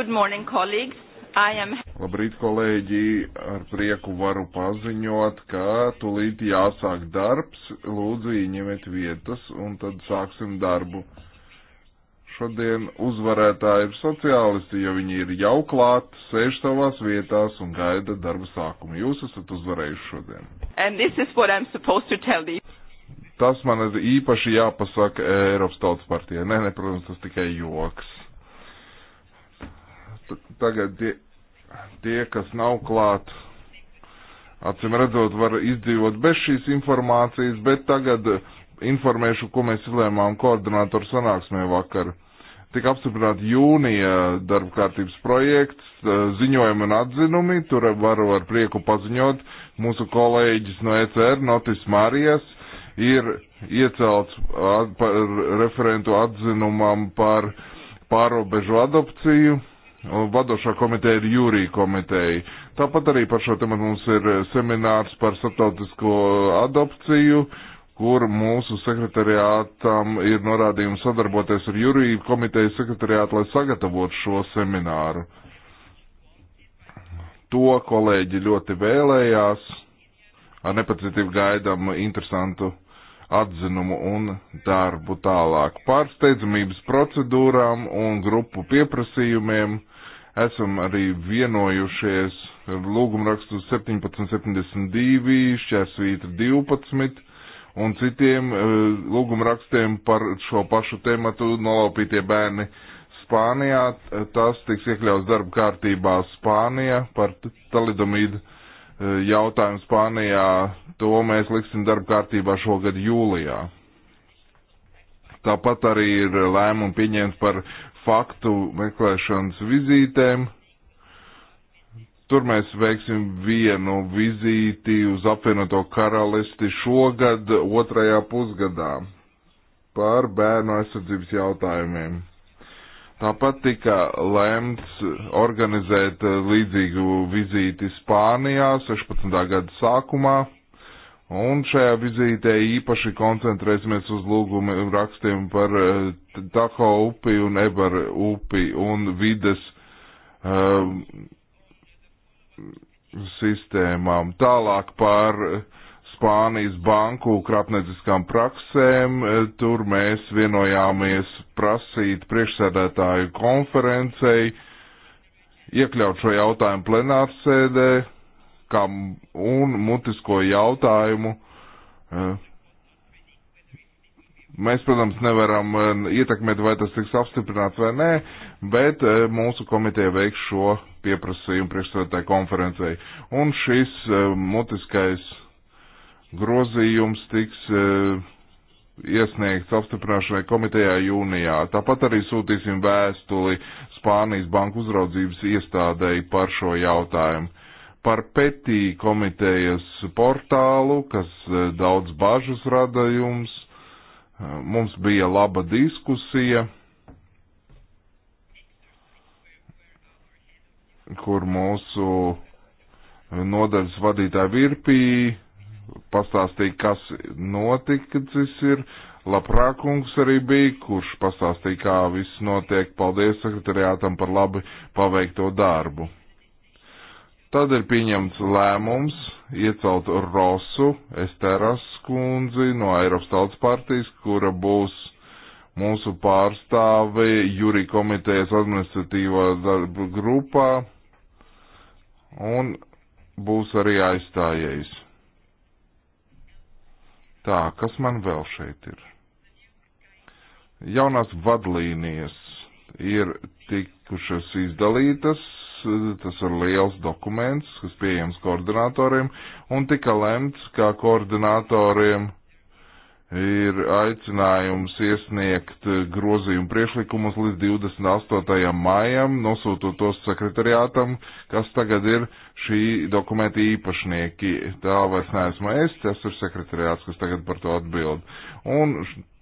Good morning, colleagues. I am... Labrīt, kolēģi! Ar prieku varu paziņot, ka tulīt jāsāk darbs. Lūdzu, ieņemiet vietas un tad sāksim darbu. Šodien uzvarētāji ir sociālisti, jo viņi ir jau klāt, sēž savās vietās un gaida darba sākumu. Jūs esat uzvarējuši šodien. Tas man ir īpaši jāpasaka Eiropas Tautas partijai. Nē, ne, protams, tas tikai joks tagad tie, tie, kas nav klāt, acim redzot, var izdzīvot bez šīs informācijas, bet tagad informēšu, ko mēs izlēmām koordinātoru sanāksmē vakar. Tik apstiprināt jūnija darba kārtības projekts, ziņojumi un atzinumi, tur varu ar prieku paziņot, mūsu kolēģis no ECR, Notis Marijas, ir iecelts at, par referentu atzinumam par pārobežu adopciju. Vadošā komiteja ir jūrija komiteja. Tāpat arī par šo tematu mums ir seminārs par starptautisko adopciju, kur mūsu sekretariātam ir norādījums sadarboties ar jūriju komiteju sekretariātu, lai sagatavotu šo semināru. To kolēģi ļoti vēlējās. Ar nepacietību gaidām interesantu uh, atzinumu un darbu tālāk. Par steidzamības procedūrām un grupu pieprasījumiem esam arī vienojušies lūgumrakstu 1772, šķērsvītra 12 un citiem eh, lūgumrakstiem par šo pašu tematu nolaupītie bērni Spānijā. Tas tiks iekļauts darba kārtībā Spānija par talidomīdu Eh, jautājumu Spānijā, to mēs liksim darba kārtībā šogad jūlijā. Tāpat arī ir lēmumi pieņemts par faktu meklēšanas vizītēm. Tur mēs veiksim vienu vizīti uz apvienoto karalisti šogad otrajā pusgadā par bērnu aizsardzības jautājumiem. Tāpat tika lemts organizēt eh, līdzīgu vizīti Spānijā 16. gada sākumā, un šajā vizītē īpaši koncentrēsimies uz lūgumu rakstiem par eh, Taho upi un Ebar upi un vides um, sistēmām. Tālāk par uh, Spānijas banku krāpnieciskām praksēm. E, tur mēs vienojāmies prasīt priekšsēdētāju konferencei, iekļaut šo jautājumu plenārsēdē kam un mutisko jautājumu. E, mēs, protams, nevaram e, ietekmēt, vai tas tiks apstiprināts vai nē, bet mūsu komiteja veiks šo pieprasījumu priekšsēdētāju konferencei. Un šis mutiskais grozījums tiks e, iesniegts apstiprināšanai komitejā jūnijā. Tāpat arī sūtīsim vēstuli Spānijas banku uzraudzības iestādēji par šo jautājumu. Par petī komitejas portālu, kas e, daudz bažas rada jums, e, mums bija laba diskusija, kur mūsu nodaļas vadītāja Virpī pastāstīja, kas noticis ir. Laprākungs arī bija, kurš pastāstīja, kā viss notiek. Paldies sekretariātam par labi paveikto darbu. Tad ir pieņemts lēmums iecelt Rosu Esteras kundzi no Eiropas tautas partijas, kura būs mūsu pārstāve Juri komitejas administratīvā darba grupā un būs arī aizstājējis. Tā, kas man vēl šeit ir? Jaunās vadlīnijas ir tikušas izdalītas, tas ir liels dokuments, kas pieejams koordinatoriem, un tika lemts, kā koordinatoriem ir aicinājums iesniegt grozījumu priešlikumus līdz 28. maijam, nosūtot tos sekretariātam, kas tagad ir šī dokumenta īpašnieki. Tā vairs neesmu es, tas ir sekretariāts, kas tagad par to atbild. Un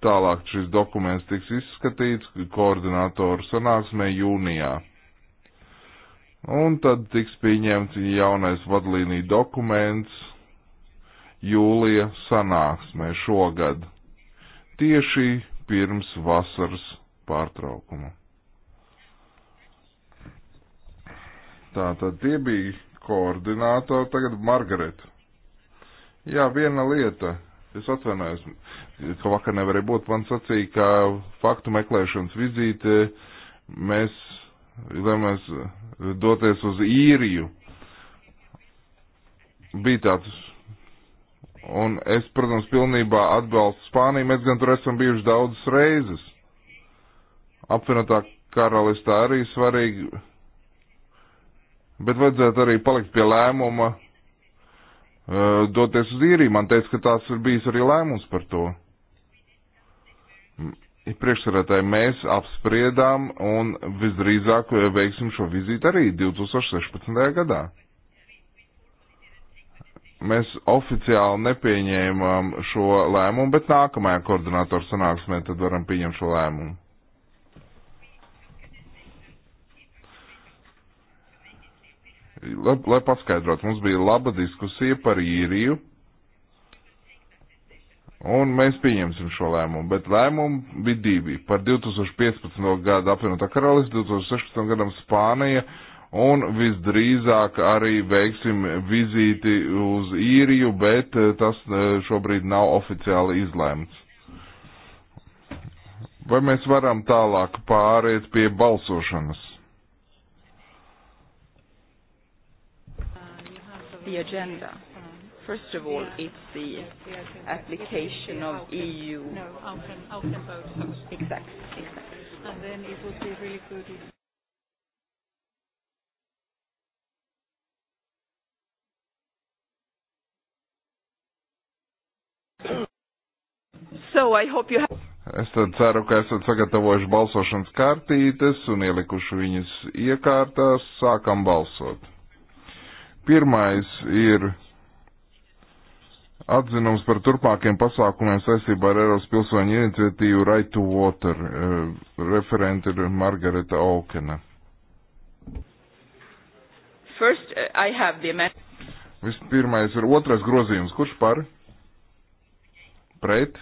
tālāk šis dokuments tiks izskatīts koordinātoru sanāksmē jūnijā. Un tad tiks pieņemts jaunais vadlīnija dokuments jūlija sanāksmē šogad, tieši pirms vasaras pārtraukuma. Tātad tie bija koordinātori, tagad Margaret. Jā, viena lieta. Es atvainojos, ka vakar nevarēja būt. Man sacīja, ka faktu meklēšanas vizīte mēs vēlamies doties uz īriju. Bija tāds Un es, protams, pilnībā atbalstu Spāniju, mēs gan tur esam bijuši daudzas reizes. Apvienotā karalistā arī svarīgi, bet vajadzētu arī palikt pie lēmuma uh, doties uz īriju. Man teica, ka tās ir bijis arī lēmums par to. Priekšsarētāji mēs apspriedām un visdrīzāk eh, veiksim šo vizīti arī 2016. gadā mēs oficiāli nepieņēmām šo lēmumu, bet nākamajā koordinātoru sanāksmē tad varam pieņemt šo lēmumu. Lai, lai paskaidrotu, mums bija laba diskusija par īriju, un mēs pieņemsim šo lēmumu, bet lēmumu bija divi. Par 2015. gadu apvienotā karalists, 2016. gadam Spānija, uh, un visdrīzāk arī veiksim vizīti uz īriju, bet eh, tas eh, šobrīd nav oficiāli izlēmts. Vai mēs varam tālāk pāriet pie balsošanas? The agenda. First of all, yeah. it's the application of EU. No, open, open vote. Exactly, exactly. And then it would be really good if So I hope you have... Es tad ceru, ka esat sagatavojuši balsošanas kartītes un ielikuši viņas iekārtās. Sākam balsot. Pirmais ir atzinums par turpmākiem pasākumiem saistībā ar Eiropas pilsoņu iniciatīvu Right to Water. Eh, Referenti ir Margareta Aukena. First, eh, I have the Vispirmais ir otrais grozījums. Kurš par? pret,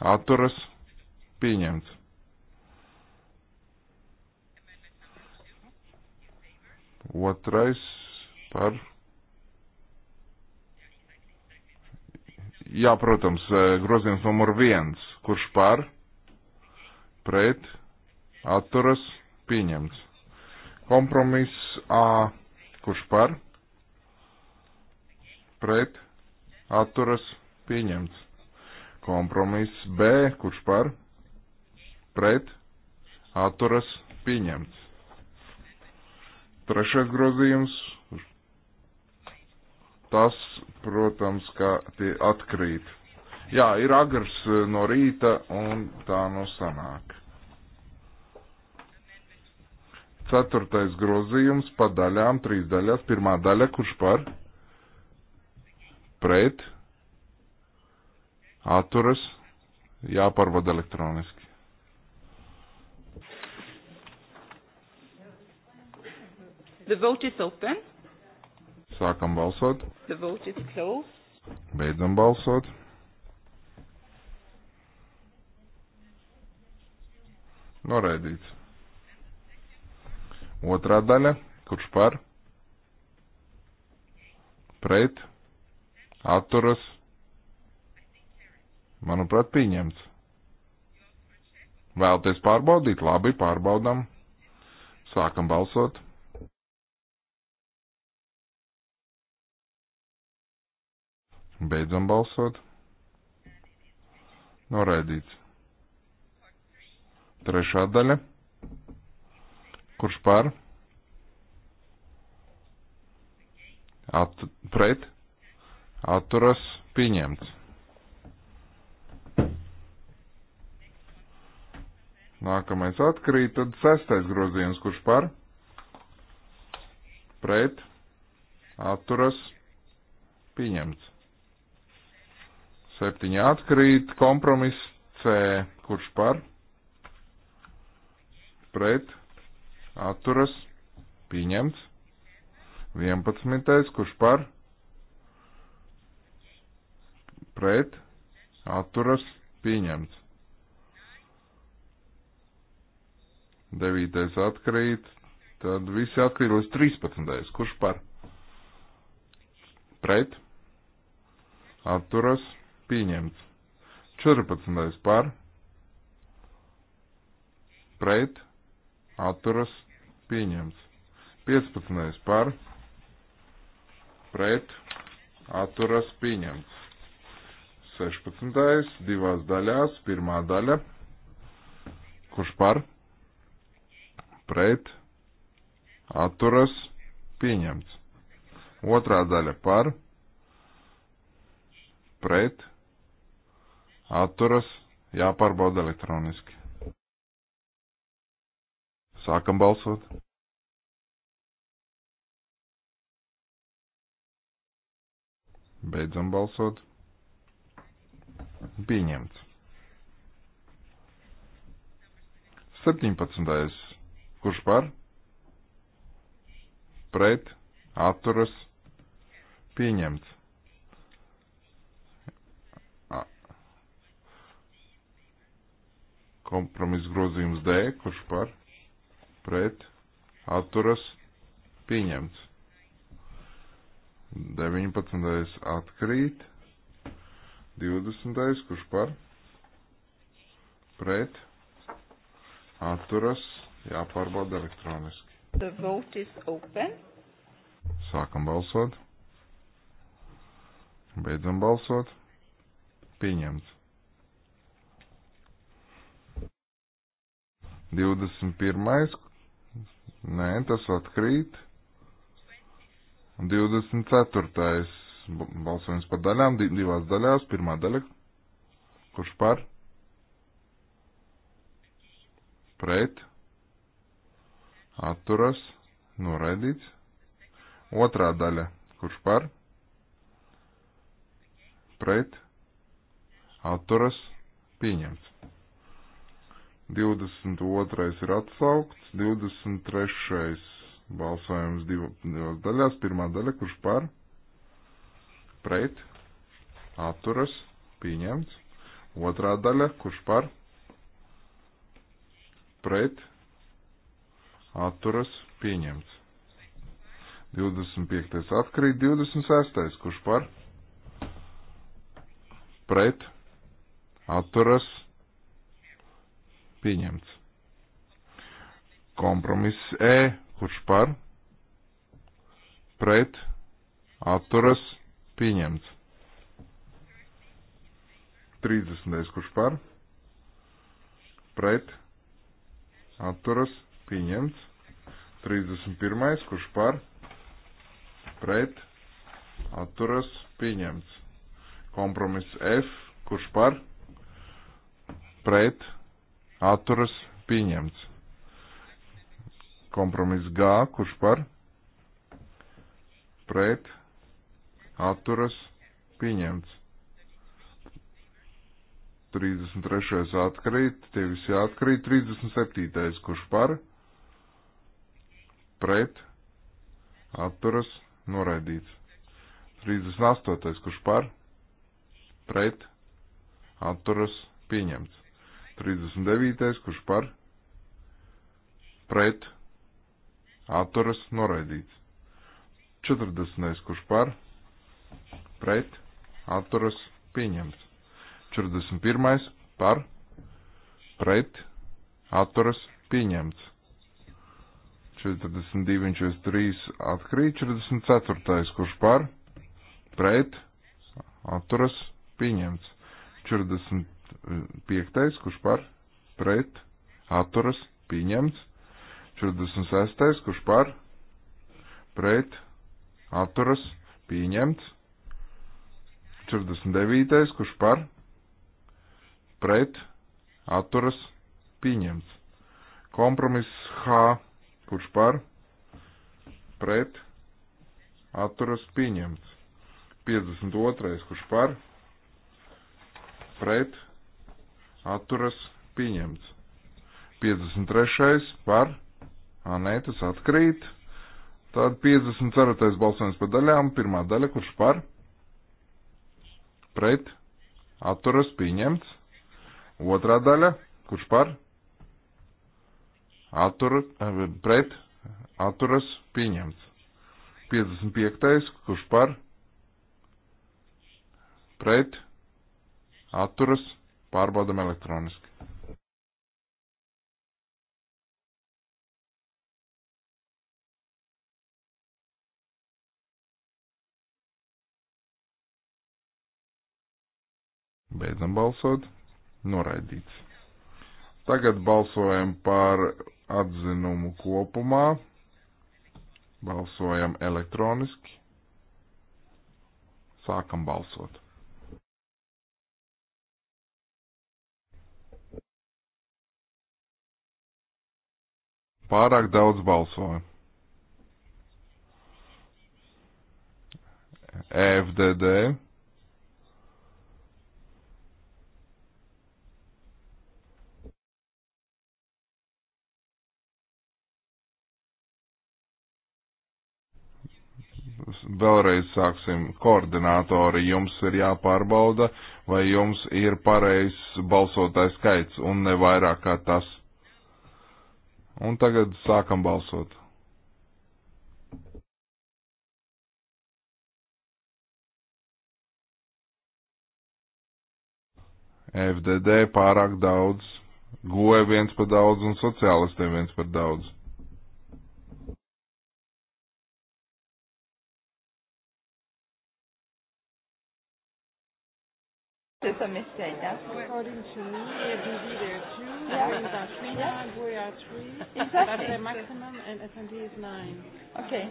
atturas, pieņemts. Otrais par. Jā, protams, eh, grozījums numur viens, kurš par, pret, atturas, pieņemts. Kompromiss A, kurš par, pret, atturas, pieņemts pieņemts. Kompromiss B, kurš par, pret, atturas, pieņemts. Trešais grozījums, tas, protams, ka tie atkrīt. Jā, ir agrs no rīta un tā nu sanāk. Ceturtais grozījums pa daļām, trīs daļās. Pirmā daļa, kurš par? Pret, atturas jāpārvada elektroniski. The vote is open. Sākam balsot. The vote is closed. Beidzam balsot. Noraidīts. Otrā daļa. Kurš par? Pret. Atturas Manuprāt, pieņemts. Vēlties pārbaudīt? Labi, pārbaudam. Sākam balsot. Beidzam balsot. Noraidīts. Trešā daļa. Kurš par? At, pret. Atturas pieņemts. Nākamais atkrīt, tad sestais grozījums, kurš par? Pret. Atturas. Pieņemts. Septiņi atkrīt, kompromiss C, kurš par? Pret. Atturas. Pieņemts. Vienpadsmitais, kurš par? Pret. Atturas. Pieņemts. 9. atkrīt, tad visi atkrīt līdz 13. Kurš par? Pret? Atturas? Pieņemts. 14. par? Pret? Atturas? Pieņemts. 15. par? Pret? Atturas? Pieņemts. 16. divās daļās, pirmā daļa. Kurš par? pret, atturas, pieņemts. Otrā daļa par, pret, atturas, jāpārbauda elektroniski. Sākam balsot. Beidzam balsot. Pieņemts. 17. Kurš par? Pret. Atturas. Pieņemts. kompromis grozījums D, kurš par pret atturas pieņemts. 19. atkrīt, 20. kurš par pret atturas Jāpārbauda elektroniski. The vote is open. Sākam balsot. Beidzam balsot. Pieņemts. 21. Nē, tas atkrīt. 24. balsojums par daļām, divās daļās, pirmā daļa, kurš par, pret, atturas, noraidīts. Otrā daļa, kurš par, pret, atturas, pieņemts. 22. ir atsaukts, 23. balsojums divās daļās, pirmā daļa, kurš par, pret, atturas, pieņemts. Otrā daļa, kurš par, pret, atturas pieņemts. 25. atkrīt 26. kurš par pret atturas pieņemts. Kompromiss E, kurš par pret atturas pieņemts. 30. kurš par pret atturas pieņemts pieņemts. 31. kurš par pret atturas pieņemts. Kompromiss F, kurš par pret atturas pieņemts. Kompromiss G, kurš par pret atturas pieņemts. 33. atkrīt, tie visi atkrīt, 37. kurš par pret pret, atturas, noraidīts. 38. kurš par, pret, atturas, pieņemts. 39. kurš par, pret, atturas, noraidīts. 40. kurš par, pret, atturas, pieņemts. 41. par, pret, atturas, pieņemts. 42 un 43 atkrīt, 44. kurš par, pret, atturas, pieņemts. 45. kurš par, pret, atturas, pieņemts. 46. kurš par, pret, atturas, pieņemts. 49. kurš par, pret, atturas, pieņemts. Kompromiss H Kurš par? Pret. Atturas pieņemts. 52. Kurš par? Pret. Atturas pieņemts. 53. par? Ā, nē, tas atkrīt. Tad 54. balsojums par daļām. Pirmā daļa, kurš par? Pret. Atturas pieņemts. Otrā daļa, kurš par? attur, eh, pret, atturas, pieņemts. 55. kurš par, pret, atturas, pārbaudam elektroniski. Beidzam balsot. Noraidīts. Tagad balsojam par atzinumu kopumā. Balsojam elektroniski. Sākam balsot. Pārāk daudz balsoju. EFDD vēlreiz sāksim koordinātori, jums ir jāpārbauda, vai jums ir pareizs balsotais skaits un ne vairāk kā tas. Un tagad sākam balsot. FDD pārāk daudz, goja e viens par daudz un sociālistiem viens par daudz. There's a mistake. That's According to me, we're busy there too. Yeah. Greens are three yeah. now, Goya are three. Exactly. But the maximum and S&D is nine. Okay.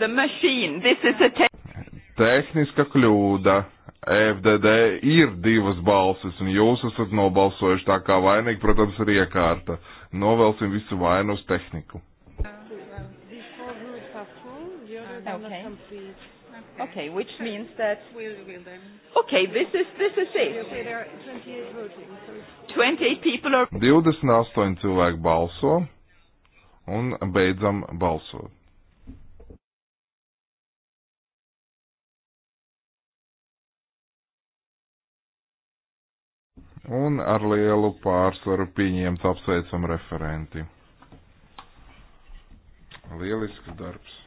The machine. This is a te tehniska kļūda. FDD ir divas balsis, un jūs esat nobalsojuši tā kā vainīgi, protams, ir iekārta. Novelsim visu vainu uz tehniku. Uh, well, okay. Okay. okay, which means that. We'll, we'll then. Okay, this is, this is it. Okay, there are 28 voting. So 28 people are. 28 cilvēki balso un beidzam balsot. Un ar lielu pārsvaru pieņemts apsveicam referenti. Lielisks darbs.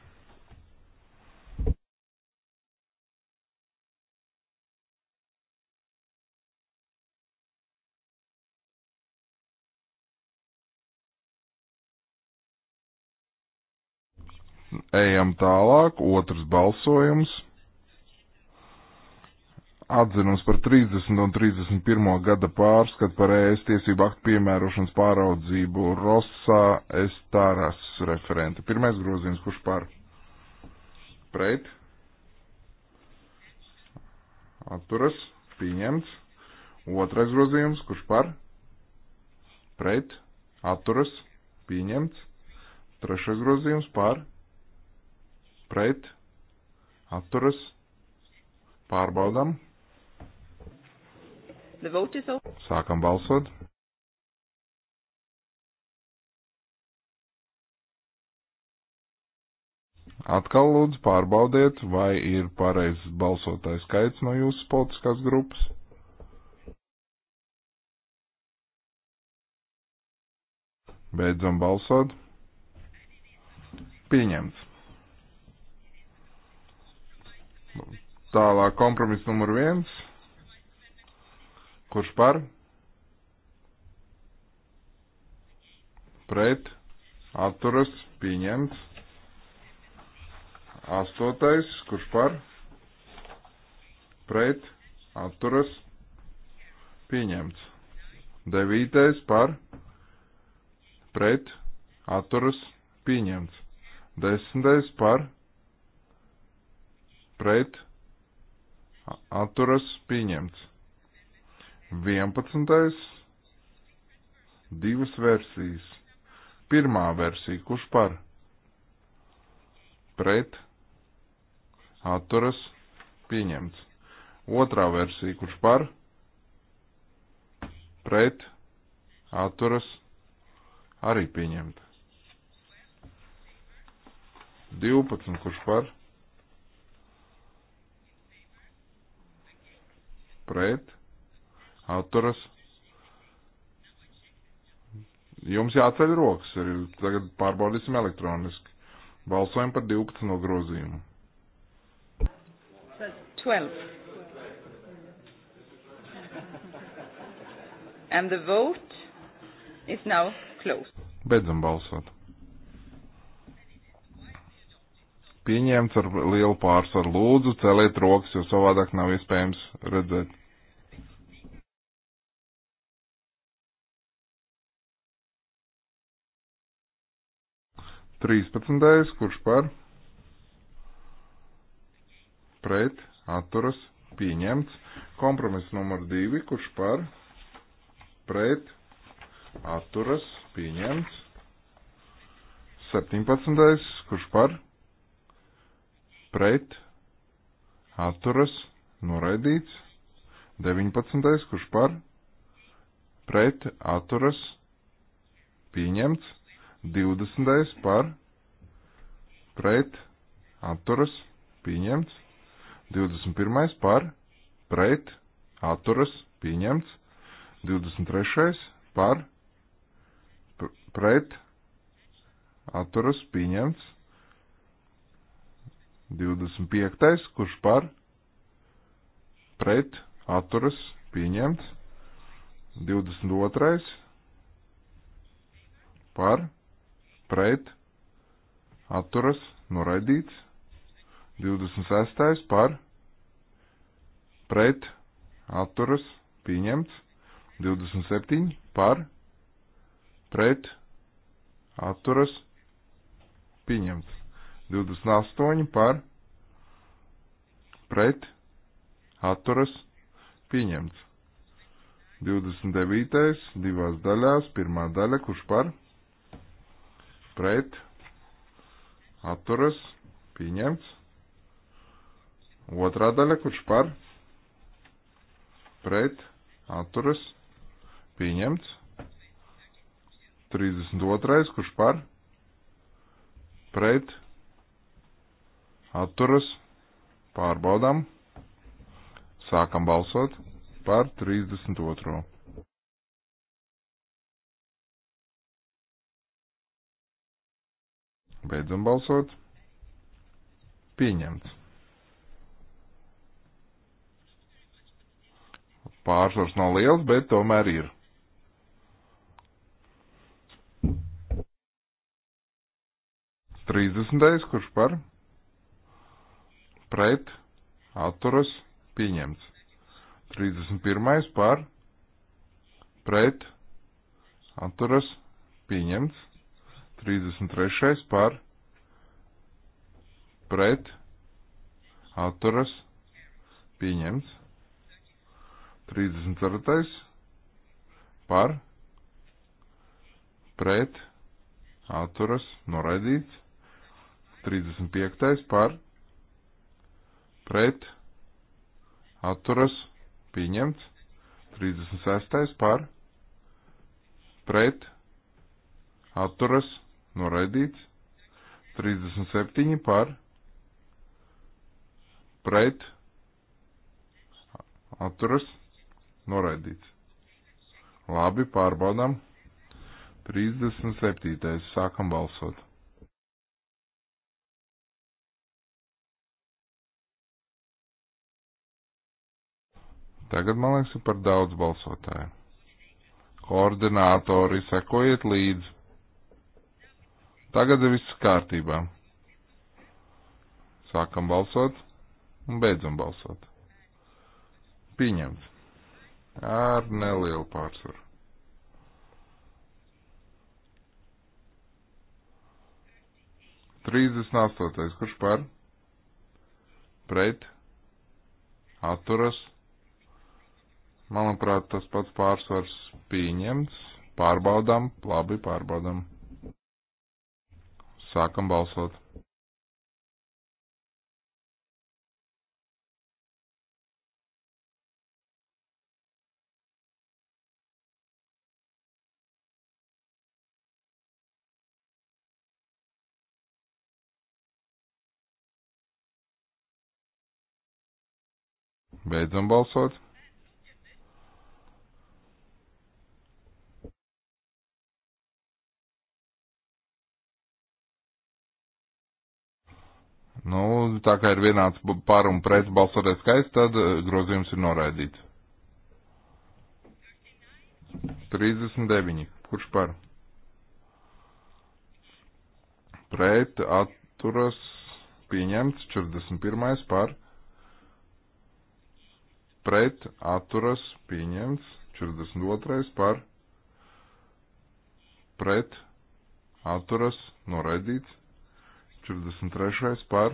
Ejam tālāk, otrs balsojums. Atzinums par 30 un 31 gada pārskatu par ES tiesību aktu piemērošanas pāraudzību Rosā Estaras referenti. Pirmais grozījums, kurš par? Pret? Atturas? Pieņemts. Otrais grozījums, kurš par? Pret? Atturas? Pieņemts. Trešais grozījums par? pret, atturas, pārbaudam. Sākam balsot. Atkal lūdzu pārbaudiet, vai ir pareizs balsotais skaits no jūsu politiskās grupas. Beidzam balsot. Pieņemts. Tālāk kompromiss numur viens. Kurš par? Pret. Atturas. Pieņemts. Astotais. Kurš par? Pret. Atturas. Pieņemts. Devītais par. Pret. Atturas. Pieņemts. Desmitais par. Pret pret, atturas pieņemts. 11. divas versijas. Pirmā versija, kurš par? Pret, atturas pieņemts. Otrā versija, kurš par? Pret, atturas arī pieņemta. 12, kurš par? pret, atturas. Jums jāceļ rokas, ir, tagad pārbaudīsim elektroniski. Balsojam par 12 no grozījumu. 12. And the vote is now closed. Beidzam balsot. pieņemts ar lielu pārsvaru. Lūdzu, celiet rokas, jo savādāk nav iespējams redzēt. Trīspadsmitais, kurš par? Pret, atturas, pieņemts. Kompromiss numur divi, kurš par? Pret, atturas, pieņemts. Septiņpadsmitais, kurš par? pret, atturas, noraidīts. 19. kurš par, pret, atturas, pieņemts. 20. par, pret, atturas, pieņemts. 21. par, pret, atturas, pieņemts. 23. par, pret, atturas, pieņemts. 25. kurš par pret atturas pieņemts. 22. par pret atturas noraidīts. 26. par pret atturas pieņemts. 27. par pret atturas pieņemts. 28 par pret atturas pieņemts. 29. divās daļās, pirmā daļa, kurš par pret atturas pieņemts. Otrā daļa, kurš par pret atturas pieņemts. 32. kurš par pret atturas, pārbaudām, sākam balsot par 32. Beidzam balsot. Pieņemts. Pārsvars nav liels, bet tomēr ir. Trīsdesmitais, kurš par? pret, atturas, pieņemts. 31. par, pret, atturas, pieņemts. 33. par, pret, atturas, pieņemts. 34. par, pret, atturas, noraidīts. 35. par pret, atturas, pieņemts. 36. par, pret, atturas, noraidīts. 37 par, pret, atturas, noraidīts. Labi, pārbaudām. 37. sākam balsot. Tagad, man liekas, ir par daudz balsotāju. Koordinātori, sekojiet līdzi. Tagad ir viss kārtībā. Sākam balsot un beidzam balsot. Pieņemts. Ar nelielu pārsvaru. Trīsdesmit astotais. Kurš par? Pret? Atturas? Manuprāt, tas pats pārsvars pieņemts. Pārbaudām, labi, pārbaudām. Sākam balsot. Beidzam balsot. Nu, tā kā ir vienāds par un pret balsoties skaits, tad eh, grozījums ir noraidīts. 39. Kurš par? Pret atturas pieņemts 41. par. Pret atturas pieņemts 42. par. Pret atturas noraidīts 43. par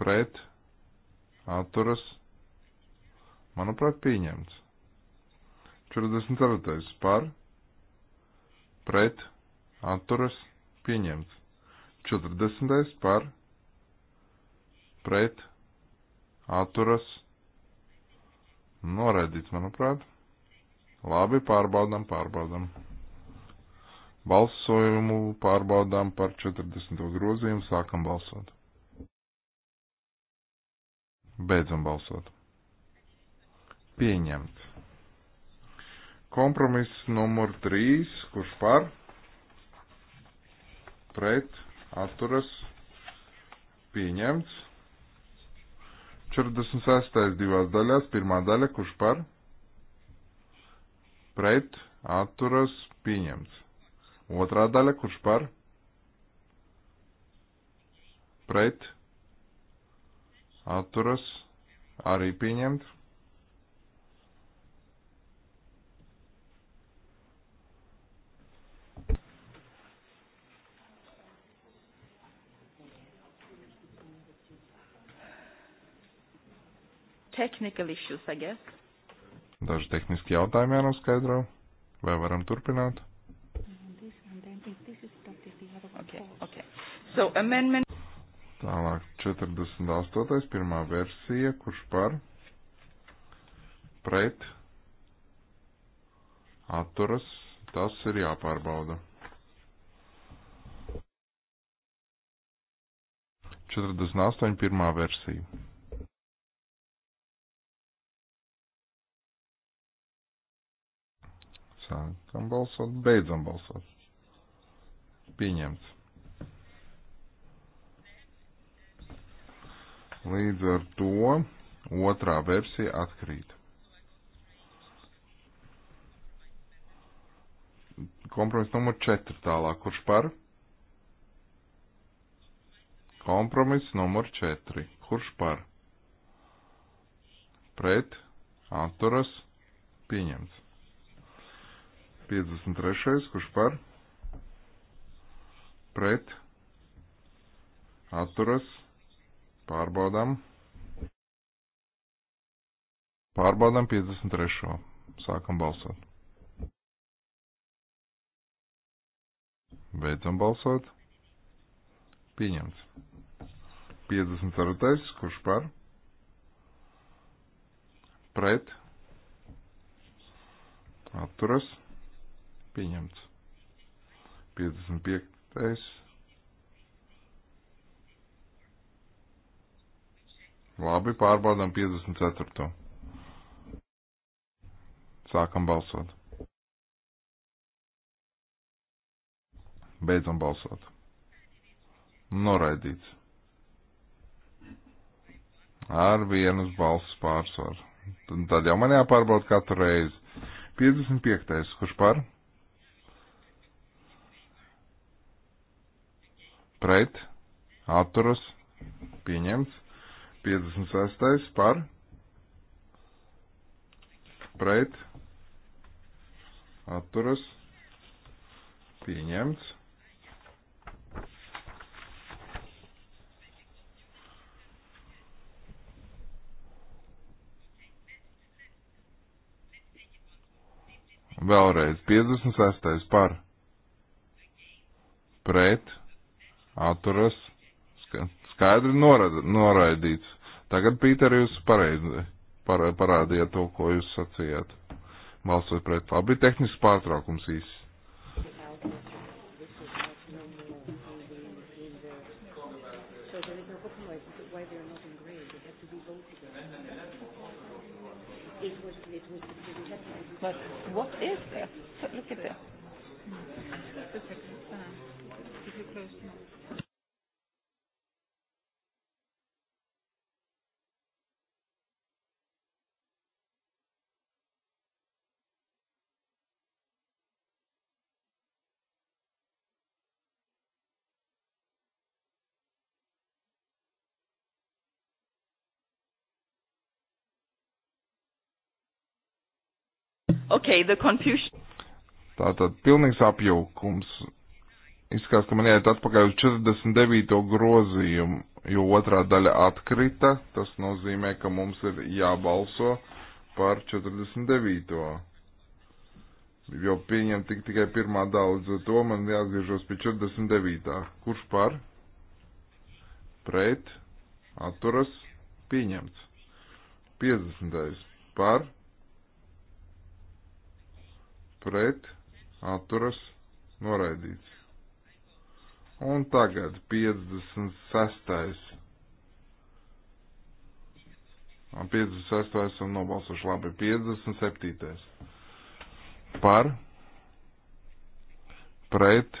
pret atturas manuprāt pieņemts. 44. par pret atturas pieņemts. 40. par pret atturas noraidīts, manuprāt. Labi, pārbaudam, pārbaudam. Balsojumu pārbaudām par 40. grozījumu, sākam balsot. Beidzam balsot. Pieņemts. Kompromiss numur 3, kurš par, pret, atturas, pieņemts. 46. divās daļās, pirmā daļa, kurš par, pret, atturas, pieņemts. Otrā daļa, kurš par? Pret. Atturas. Arī pieņemt. Technical issues, I guess. Daži tehniski jautājumi jānoskaidro. Vai varam turpināt? So, amendment. Tālāk 48. pirmā versija, kurš par pret atturas, tas ir jāpārbauda. 48. pirmā versija. Sākam balsot, beidzam balsot. Pieņemts. Līdz ar to otrā versija atkrīt. Kompromiss numur 4 tālāk, kurš par? Kompromiss numur 4, kurš par? Pret, atturas, pieņemts. 53. kurš par? Pret, atturas, Pārbaudām. Pārbaudām 53. Sākam balsot. Beidzam balsot. Pieņemts. 54. Kurš par? Pret. Atturas. Pieņemts. 55. Labi, pārbaudām 54. Sākam balsot. Beidzam balsot. Noraidīts. Ar vienas balss pārsvaru. Tad jau man jāpārbauda katru reizi. 55. Kurš par? Pret. Atturas. Pieņemts. 56. par pret atturas pieņemts. Vēlreiz 56. par pret atturas skaidri norad, noraidīts. Tagad, Pīter, jūs pareizi par, parādījāt to, ko jūs sacījāt. Balsot pret. Labi, tehnisks pārtraukums īsi. But what is this? Look at this. Just a second. Uh, if you close now. Okay, the confusion. Tātad pilnīgs apjaukums. Izskatās, ka man jāiet atpakaļ uz 49. grozījumu, jo otrā daļa atkrita. Tas nozīmē, ka mums ir jābalso par 49. Jo pieņem tik, tikai pirmā daudz, to man jāatgriežos pie 49. Kurš par? Pret? Atturas? Pieņemts. 50. par? pret, atturas, noraidīts. Un tagad 56. Un 56. esam nobalsoši labi. 57. Par, pret,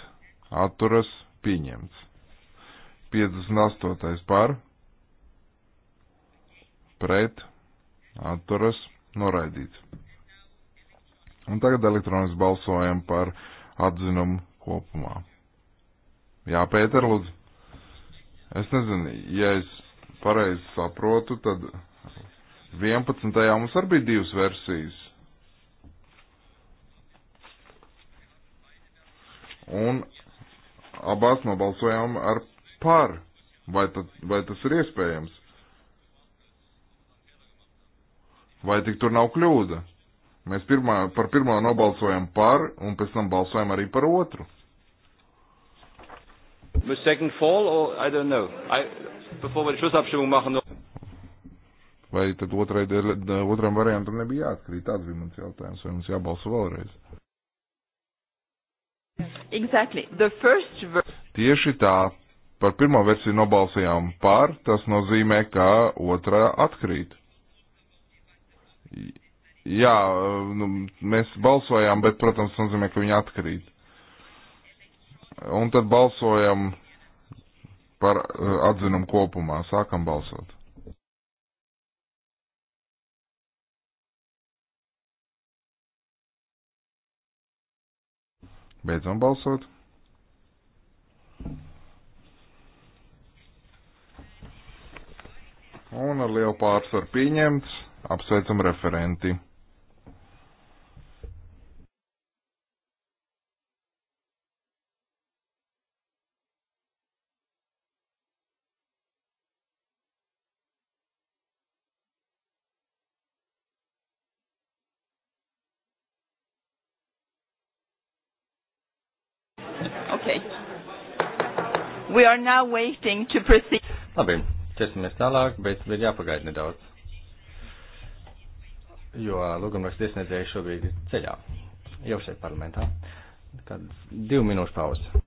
atturas, pieņemts. 58. par, pret, atturas, noraidīts. Un tagad elektroniski balsojam par atzinumu kopumā. Jā, Pēter, lūdzu. Es nezinu, ja es pareizi saprotu, tad 11. mums arī bija divas versijas. Un abās nobalsojām ar par. Vai, tad, vai tas ir iespējams? Vai tik tur nav kļūda? Mēs pirmā, par pirmo nobalsojam par, un pēc tam balsojam arī par otru. Fall, I I, machen, no... Vai tad otrai, otram variantam nebija jāatkrīt? Tāds bija mans jautājums, vai mums jābalso vēlreiz? Exactly. The first... Tieši tā. Par pirmo versiju nobalsojām par, tas nozīmē, ka otrā atkrīt. Jā, nu, mēs balsojām, bet, protams, nozīmē, ka viņi atkrīt. Un tad balsojam par eh, atzinumu kopumā. Sākam balsot. Beidzam balsot. Un ar lielu pārsvaru pieņemts. Apsveicam referenti. are now waiting to proceed. Labi, ķersimies tālāk, bet ir jāpagaida nedaudz. Jo lūgumraksta iesniedzēji šobrīd ir ceļā, jau šeit parlamentā. Kad divu minūšu pauze.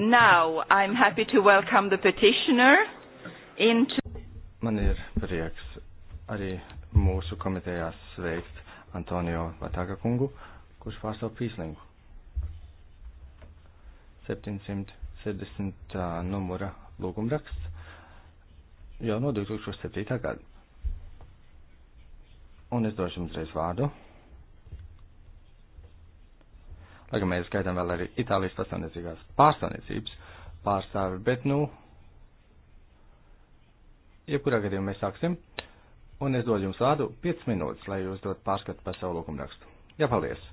Now, I'm happy to welcome the petitioner into. Man ir prieks arī mūsu komitejā sveikt Antonio Vataga kungu, kurš pārstāv Pīslingu. 760 uh, numura lūgumraksts jau no 2007. gada. Un es došu jums reiz vārdu. Lai gan mēs gaidām vēl arī Itālijas pastāvniecīgās pārstāvniecības pārstāvi, bet nu, jebkurā gadījumā mēs sāksim. Un es dodu jums vārdu 5 minūtes, lai jūs dotu pārskatu par savu lūgumrakstu. Jā, paldies!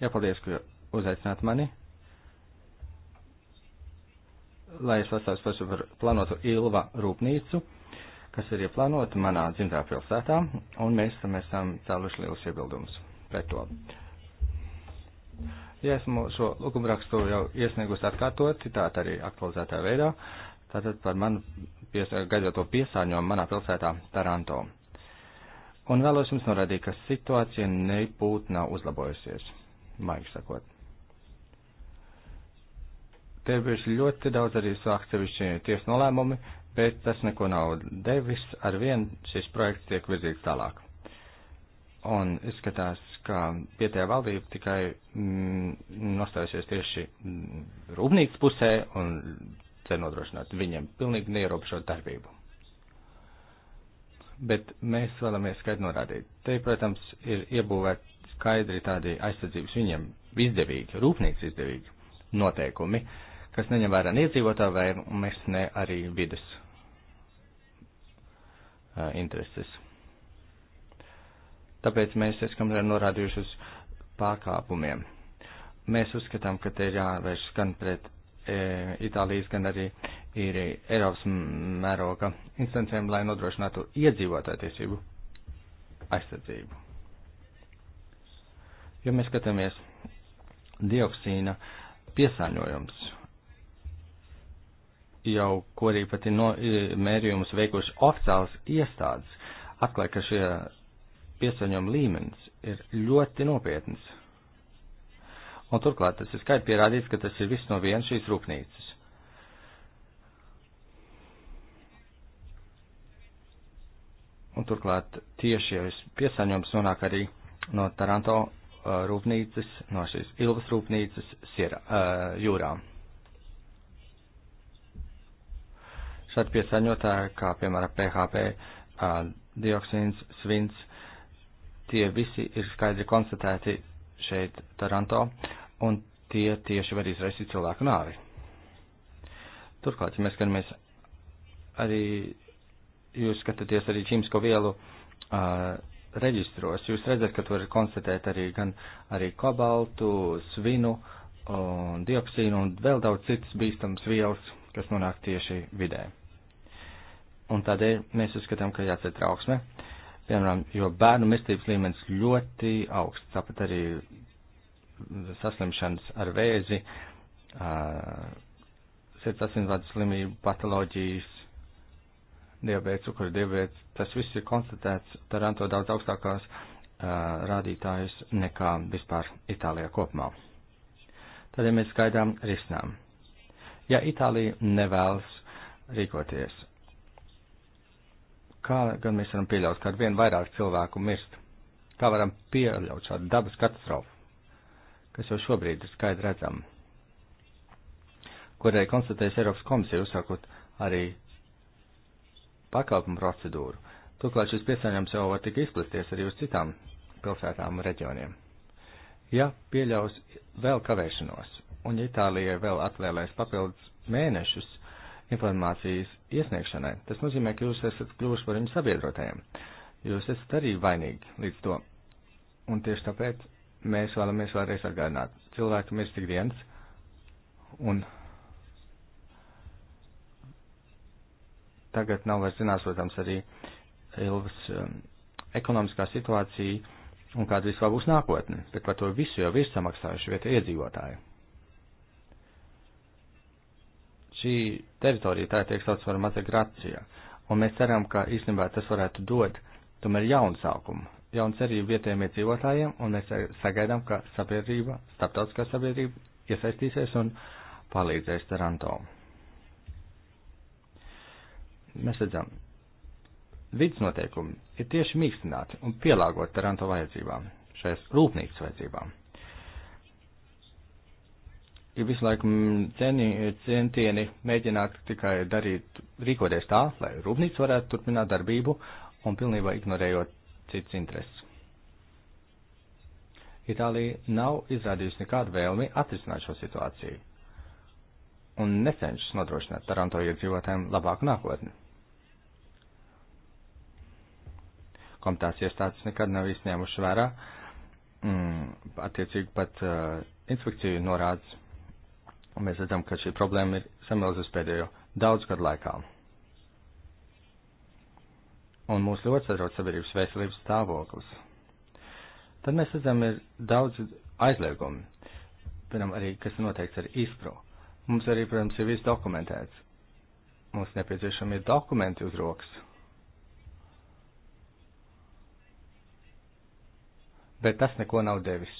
Jā, paldies, ka uzaicināt mani! lai es pastāstīšu pašu par plānotu Ilva rūpnīcu, kas ir ieplānota manā dzimtā pilsētā, un mēs tam esam cēluši lielus iebildumus pret to. Ja esmu šo lūgumrakstu jau iesniegusi atkārtot, citāt arī aktualizētā veidā, tātad par manu pies, gaidāto piesāņojumu manā pilsētā Taranto. Un vēlos jums norādīt, ka situācija nebūtu nav uzlabojusies, maigi sakot te ir ļoti daudz arī atsevišķi ties nolēmumi, bet tas neko nav devis, ar vien šis projekts tiek virzīts tālāk. Un izskatās, ka pietējā valdība tikai mm, nostājusies tieši mm, rūpnīcas pusē un cer nodrošināt viņiem pilnīgi neierobežot darbību. Bet mēs vēlamies skaidri norādīt. Te, protams, ir iebūvēt skaidri tādi aizsardzības viņiem izdevīgi, rūpnīcas izdevīgi noteikumi, uh, kas neņem vērā ne iedzīvotāju vēlmes, ne arī vidas intereses. Tāpēc mēs esam norādījuši uz pārkāpumiem. Mēs uzskatām, ka te ir jāvērš gan pret e, Itālijas, gan arī ir Eiropas mēroga instancēm, lai nodrošinātu iedzīvotāju tiesību aizsardzību. Jo mēs skatāmies dioksīna piesāņojums jau, ko arī pati no, e, mērījumus veikuši oficiāls iestādes, atklāja, ka šie piesaņojuma līmenis ir ļoti nopietns. Un turklāt tas ir skaidri pierādīts, ka tas ir viss no vienas šīs rūpnīcas. Un turklāt tiešies piesaņojums nonāk arī no Taranto uh, rūpnīcas, no šīs Ilvas rūpnīcas siera, uh, e, jūrām. Šādi piesārņotāji, kā piemēram PHP, dioksīns, svins, tie visi ir skaidri konstatēti šeit Taranto, un tie tieši var izraisīt cilvēku nāvi. Turklāt, ja mēs skatāmies arī, jūs skatāties arī ķīmisko vielu uh, reģistros, jūs redzat, ka tur ir konstatēt arī gan arī kobaltu, svinu, un dioksīnu un vēl daudz citas bīstamas vielas, kas nonāk tieši vidē. Un tādēļ mēs uzskatām, ka jāceļ trauksme, piemēram, jo bērnu mirstības līmenis ļoti augsts, tāpat arī saslimšanas ar vēzi, sirds asinsvadu slimību, patoloģijas, diabēts, cukura diabēts, tas viss ir konstatēts Taranto daudz augstākās uh, rādītājus nekā vispār Itālijā kopumā. Tad, ja mēs gaidām risinām, ja Itālija nevēlas rīkoties Kā gan mēs varam pieļaut, ka ar vien vairāk cilvēku mirst? Kā varam pieļaut šādu dabas katastrofu, kas jau šobrīd ir skaidri redzama? Kurai konstatējas Eiropas komisija uzsākot arī pakalpumu procedūru. Turklāt šis piesārņojums jau var tik izplasties arī uz citām pilsētām un reģioniem. Ja pieļaus vēl kavēšanos, un Itālijai vēl atvēlēs papildus mēnešus informācijas iesniegšanai. Tas nozīmē, ka jūs esat kļuvuši par viņu sabiedrotajiem. Jūs esat arī vainīgi līdz to. Un tieši tāpēc mēs vēlamies vēlreiz atgādināt. Cilvēkam ir tik viens, un tagad nav vairs zinās, protams, arī Ilvas um, ekonomiskā situācija un kāda vispār būs nākotne, bet par to visu jau ir samaksājuši vietējie iedzīvotāji. šī teritorija tā tiek sauc par mazagrācija, un mēs ceram, ka īstenībā tas varētu dot tomēr jaunu sākumu, jaunu cerību vietējiem iedzīvotājiem, un mēs sagaidām, ka sabiedrība, starptautiskā sabiedrība iesaistīsies un palīdzēs Taranto. Mēs redzam, vidas noteikumi ir tieši mīkstināti un pielāgoti Taranto vajadzībām, šais rūpnīcas vajadzībām ir visu laiku ceni, centieni mēģināt tikai darīt, rīkoties tā, lai rūpnīca varētu turpināt darbību un pilnībā ignorējot cits intereses. Itālija nav izrādījusi nekādu vēlmi atrisināt šo situāciju un necenšas nodrošināt Taranto iedzīvotājiem labāku nākotni. Komitās iestādes nekad nav izņēmuši vērā, mm, attiecīgi pat uh, inspekciju norādes Un mēs redzam, ka šī problēma ir samilzusi pēdējo daudz gadu laikā. Un mūs ļoti satrauc sabiedrības veselības stāvoklis. Tad mēs redzam, ir daudz aizliegumu, piemēram, arī, kas ir noteikts ar ISPRO. Mums arī, protams, ir viss dokumentēts. Mums nepieciešami ir dokumenti uz rokas. Bet tas neko nav devis.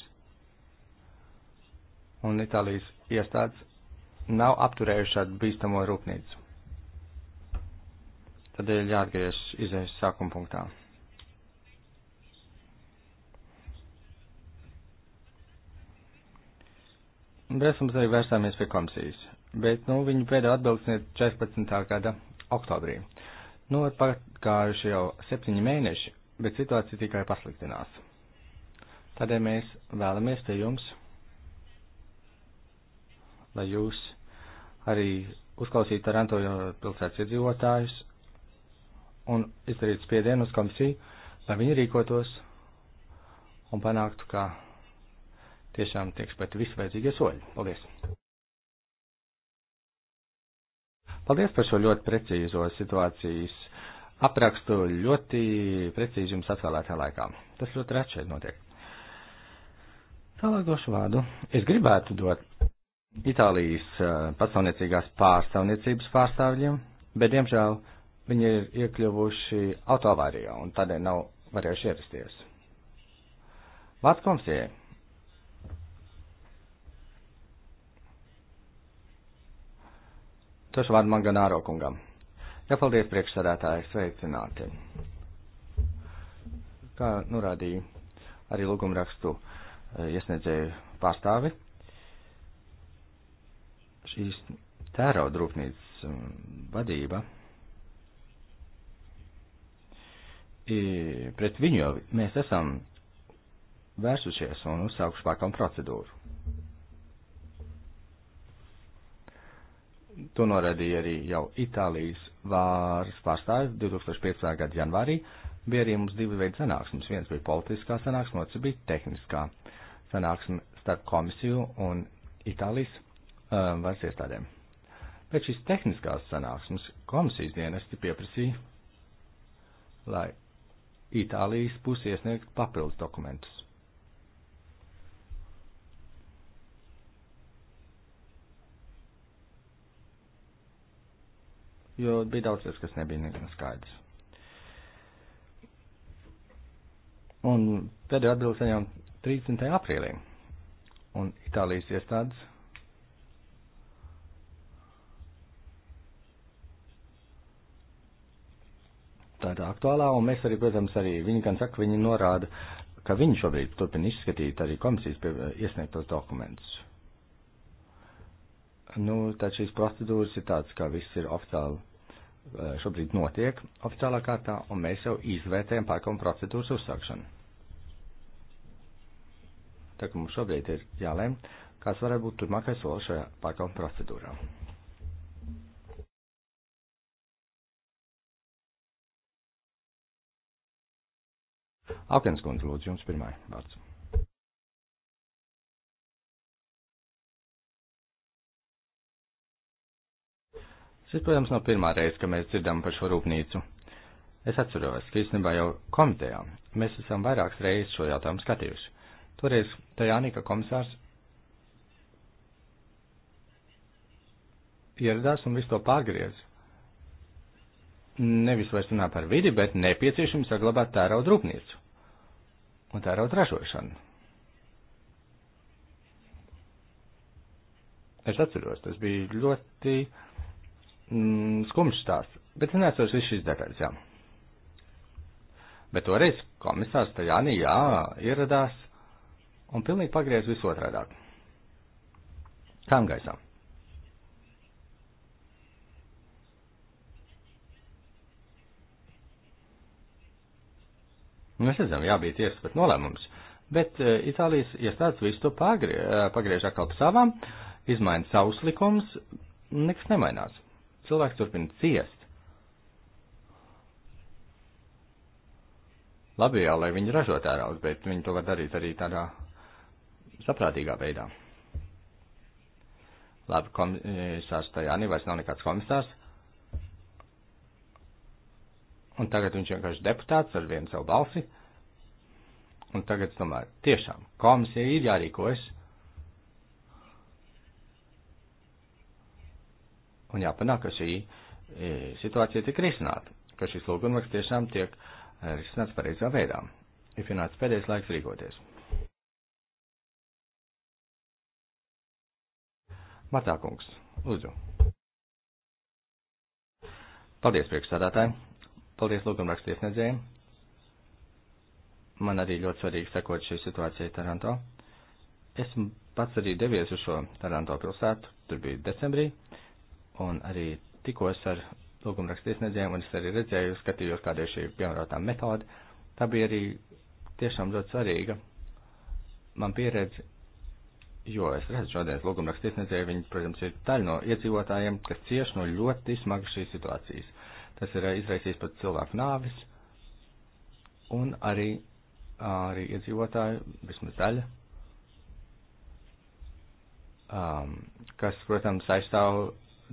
Un Itālijas iestādes nav apturējuši šādu bīstamo rūpnīcu. Tādēļ jāatgriež izējas sākuma punktā. Mēs mums arī vērsāmies pie komisijas, bet, nu, viņu pēdējā atbildes ir 14. gada oktobrī. Nu, ir pagājuši jau septiņi mēneši, bet situācija tikai pasliktinās. Tādēļ mēs vēlamies pie jums lai jūs arī uzklausītu Tarantojo pilsētas iedzīvotājus un izdarītu spiedienu uz komisiju, lai viņi rīkotos un panāktu, ka tiešām tiek spēti visi vajadzīgie soļi. Paldies! Paldies par šo ļoti precīzo situācijas aprakstu ļoti precīzi jums atvēlētā laikā. Tas ļoti rēt šeit notiek. Tālāk došu vārdu. Es gribētu dot Itālijas patsaunicīgās pārstāvniecības pārstāvjiem, bet, diemžēl, viņi ir iekļuvuši autoavārijā un tādēļ nav varējuši ierasties. Vārds komisijai. Taču vārdu man gan āro kungam. Jā, paldies priekšsādātāji, sveicināti. Kā norādīja arī lūgumrakstu iesniedzēju pārstāvi šīs tērauda rūpnīcas um, vadība, pret viņu jau mēs esam vērsušies un uzsākuši pārkam procedūru. To norādīja arī jau Itālijas vāras pārstāvis 2015. gada janvārī. Bija arī mums divi veidi sanāksmes. Viens bija politiskā sanāksme, otrs bija tehniskā sanāksme starp komisiju un Itālijas Um, varas iestādēm. Pēc šīs tehniskās sanāksmes komisijas dienesti pieprasīja, lai Itālijas puse iesniegt papildus dokumentus. Jo bija daudz lietas, kas nebija negan skaidrs. Un pēdējo atbildi saņēmu 30. aprīlī. Un Itālijas iestādes tāda aktuālā, un mēs arī, protams, arī viņi gan saka, viņi norāda, ka viņi šobrīd turpina izskatīt arī komisijas iesniegtos dokumentus. Nu, tad šīs procedūras ir tādas, ka viss ir oficiāli eh, šobrīd notiek oficiālā kārtā, un mēs jau izvērtējam pārkāpuma procedūras uzsākšanu. Tā kā mums šobrīd ir jālēm, kāds varētu būt turpmākais solis šajā pārkāpuma procedūrā. Alkens kundze, lūdzu, jums pirmai vārds. Šis, protams, nav pirmā reize, ka mēs dzirdam par šo rūpnīcu. Es atceros, ka īstenībā jau komitejā mēs esam vairākas reizes šo jautājumu skatījuši. Toreiz Tajānika komisārs ieradās un visu to pārgriez nevis vairs runā par vidi, bet nepieciešams saglabāt tērauda rūpnīcu un tērauda ražošanu. Es atceros, tas bija ļoti mm, skumjš stāsts, bet es neatceros visu šīs detaļas, jā. Bet toreiz komisārs Tajāni, jā, ieradās un pilnīgi pagriez visu otrādāk. Tām gaisām. Mēs redzam, jā, bija tiesas pat nolēmums, bet eh, Itālijas iestādes visu to pagrie, eh, pagriež atkal pa savām, izmaina savus likumus, nekas nemainās. Cilvēks turpina ciest. Labi jau, lai viņi ražo tērauds, bet viņi to var darīt arī tādā saprātīgā veidā. Labi, komisārs Tajāni vairs nav nekāds komisārs Un tagad viņš vienkārši deputāts ar vienu savu balsi. Un tagad, tomēr, tiešām komisija ir jārīkojas. Un jāpanāk, ka šī e, situācija tiek risināta, ka šis lūgumraks tiešām tiek e, risināts pareizā veidā. Ir pienācis pēdējais laiks rīkoties. Matākungs, lūdzu. Paldies, priekšstādātāji! Paldies lūgumrakstu iesniedzējiem. Man arī ļoti svarīgi sekot šī situācija Taranto. Esmu pats arī devies uz šo Taranto pilsētu, tur bija decembrī, un arī tikos ar lūgumrakstu iesniedzējiem, un es arī redzēju, skatījos, kāda ir šī piemērotā metode. Tā bija arī tiešām ļoti svarīga man pieredze, jo es redzu šodienas lūgumrakstu iesniedzēju, viņi, protams, ir daļa no iedzīvotājiem, kas cieš no ļoti smagas šīs situācijas. Tas ir eh, izraisījis pat cilvēku nāvis un arī, arī iedzīvotāju, vismaz daļa, um, kas, protams, aizstāv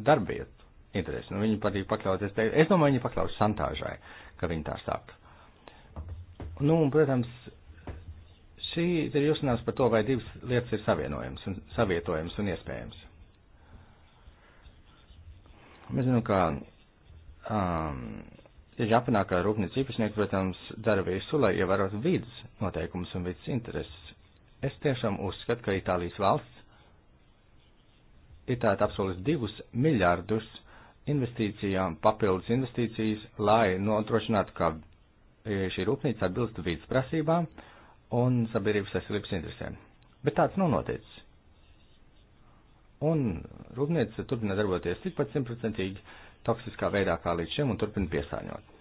darbietu interesi. Nu, viņi patīk pakļauties, te... es domāju, viņi pakļaus santāžai, ka viņi tā sāk. Nu, un, protams, šī ir jūsinās par to, vai divas lietas ir savienojams un savietojams un iespējams. Mēs zinām, ka um, ir jāpanāk, ka rūpnīca īpašnieki, protams, dara visu, lai ievērotu vidas noteikumus un vidas intereses. Es tiešām uzskatu, ka Itālijas valsts ir tāda apsolis divus miljārdus investīcijām, papildus investīcijas, lai nodrošinātu, ka e, šī rūpnīca atbilst vidas prasībām un sabiedrības veselības interesēm. Bet tāds nav noticis. Un rūpnīca turpina darboties tikpat simtprocentīgi, toksiskā veidā kā līdz šim un turpina piesāņot.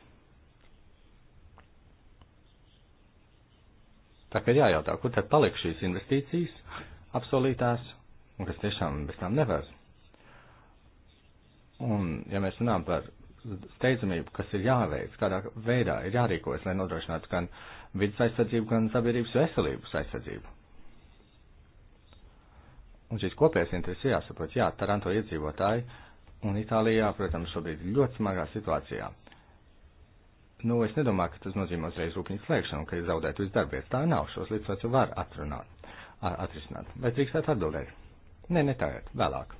Tā kā jājautā, kur tad paliek šīs investīcijas apsolītās un kas tiešām bez tām nevar. Un, ja mēs runājam par steidzamību, kas ir jāveic, kādā veidā ir jārīkojas, lai nodrošinātu gan vidas aizsardzību, gan sabiedrības veselības aizsardzību. Un šīs kopējas intereses jāsaprot, jā, Taranto iedzīvotāji Un Itālijā, protams, šobrīd ir ļoti smagā situācijā. Nu, es nedomāju, ka tas nozīmē uzreiz rūpnīcu slēgšanu, ka ir zaudēt visu darbietu. Tā nav, šos līdzsvars var atrunāt, atrisināt. Vai drīkstētu atbildēt? Nē, ne tagad, vēlāk.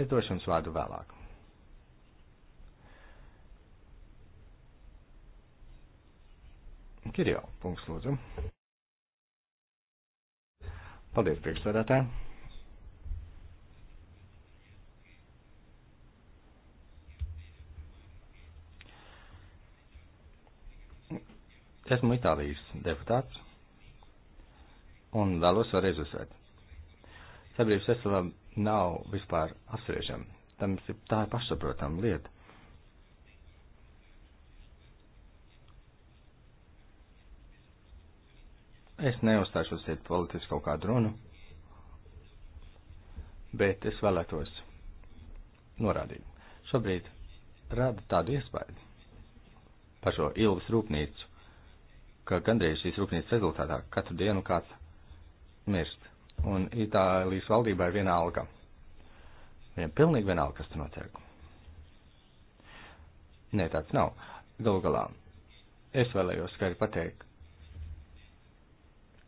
Es došu jums vārdu vēlāk. Kirjau, punkts lūdzu. Paldies, priekšsēdētāji. Esmu Itālijas deputāts un vēlos vēlreiz uzsvērt. Sabiedrības veselība nav vispār apsvēršama. Ir, tā ir pašsaprotama lieta. Es neuzstāšos šeit politiski kaut kādu runu, bet es vēlētos norādīt. Šobrīd rada tādu iespēju par šo Ilvas rūpnīcu, ka gandrīz šīs rūpnīcas rezultātā katru dienu kāds mirst. Un Itālijas valdībai vienalga. Viņam pilnīgi vienalga, kas tur notiek. Nē, tāds nav. Galu galā, es vēlējos skaidri pateikt,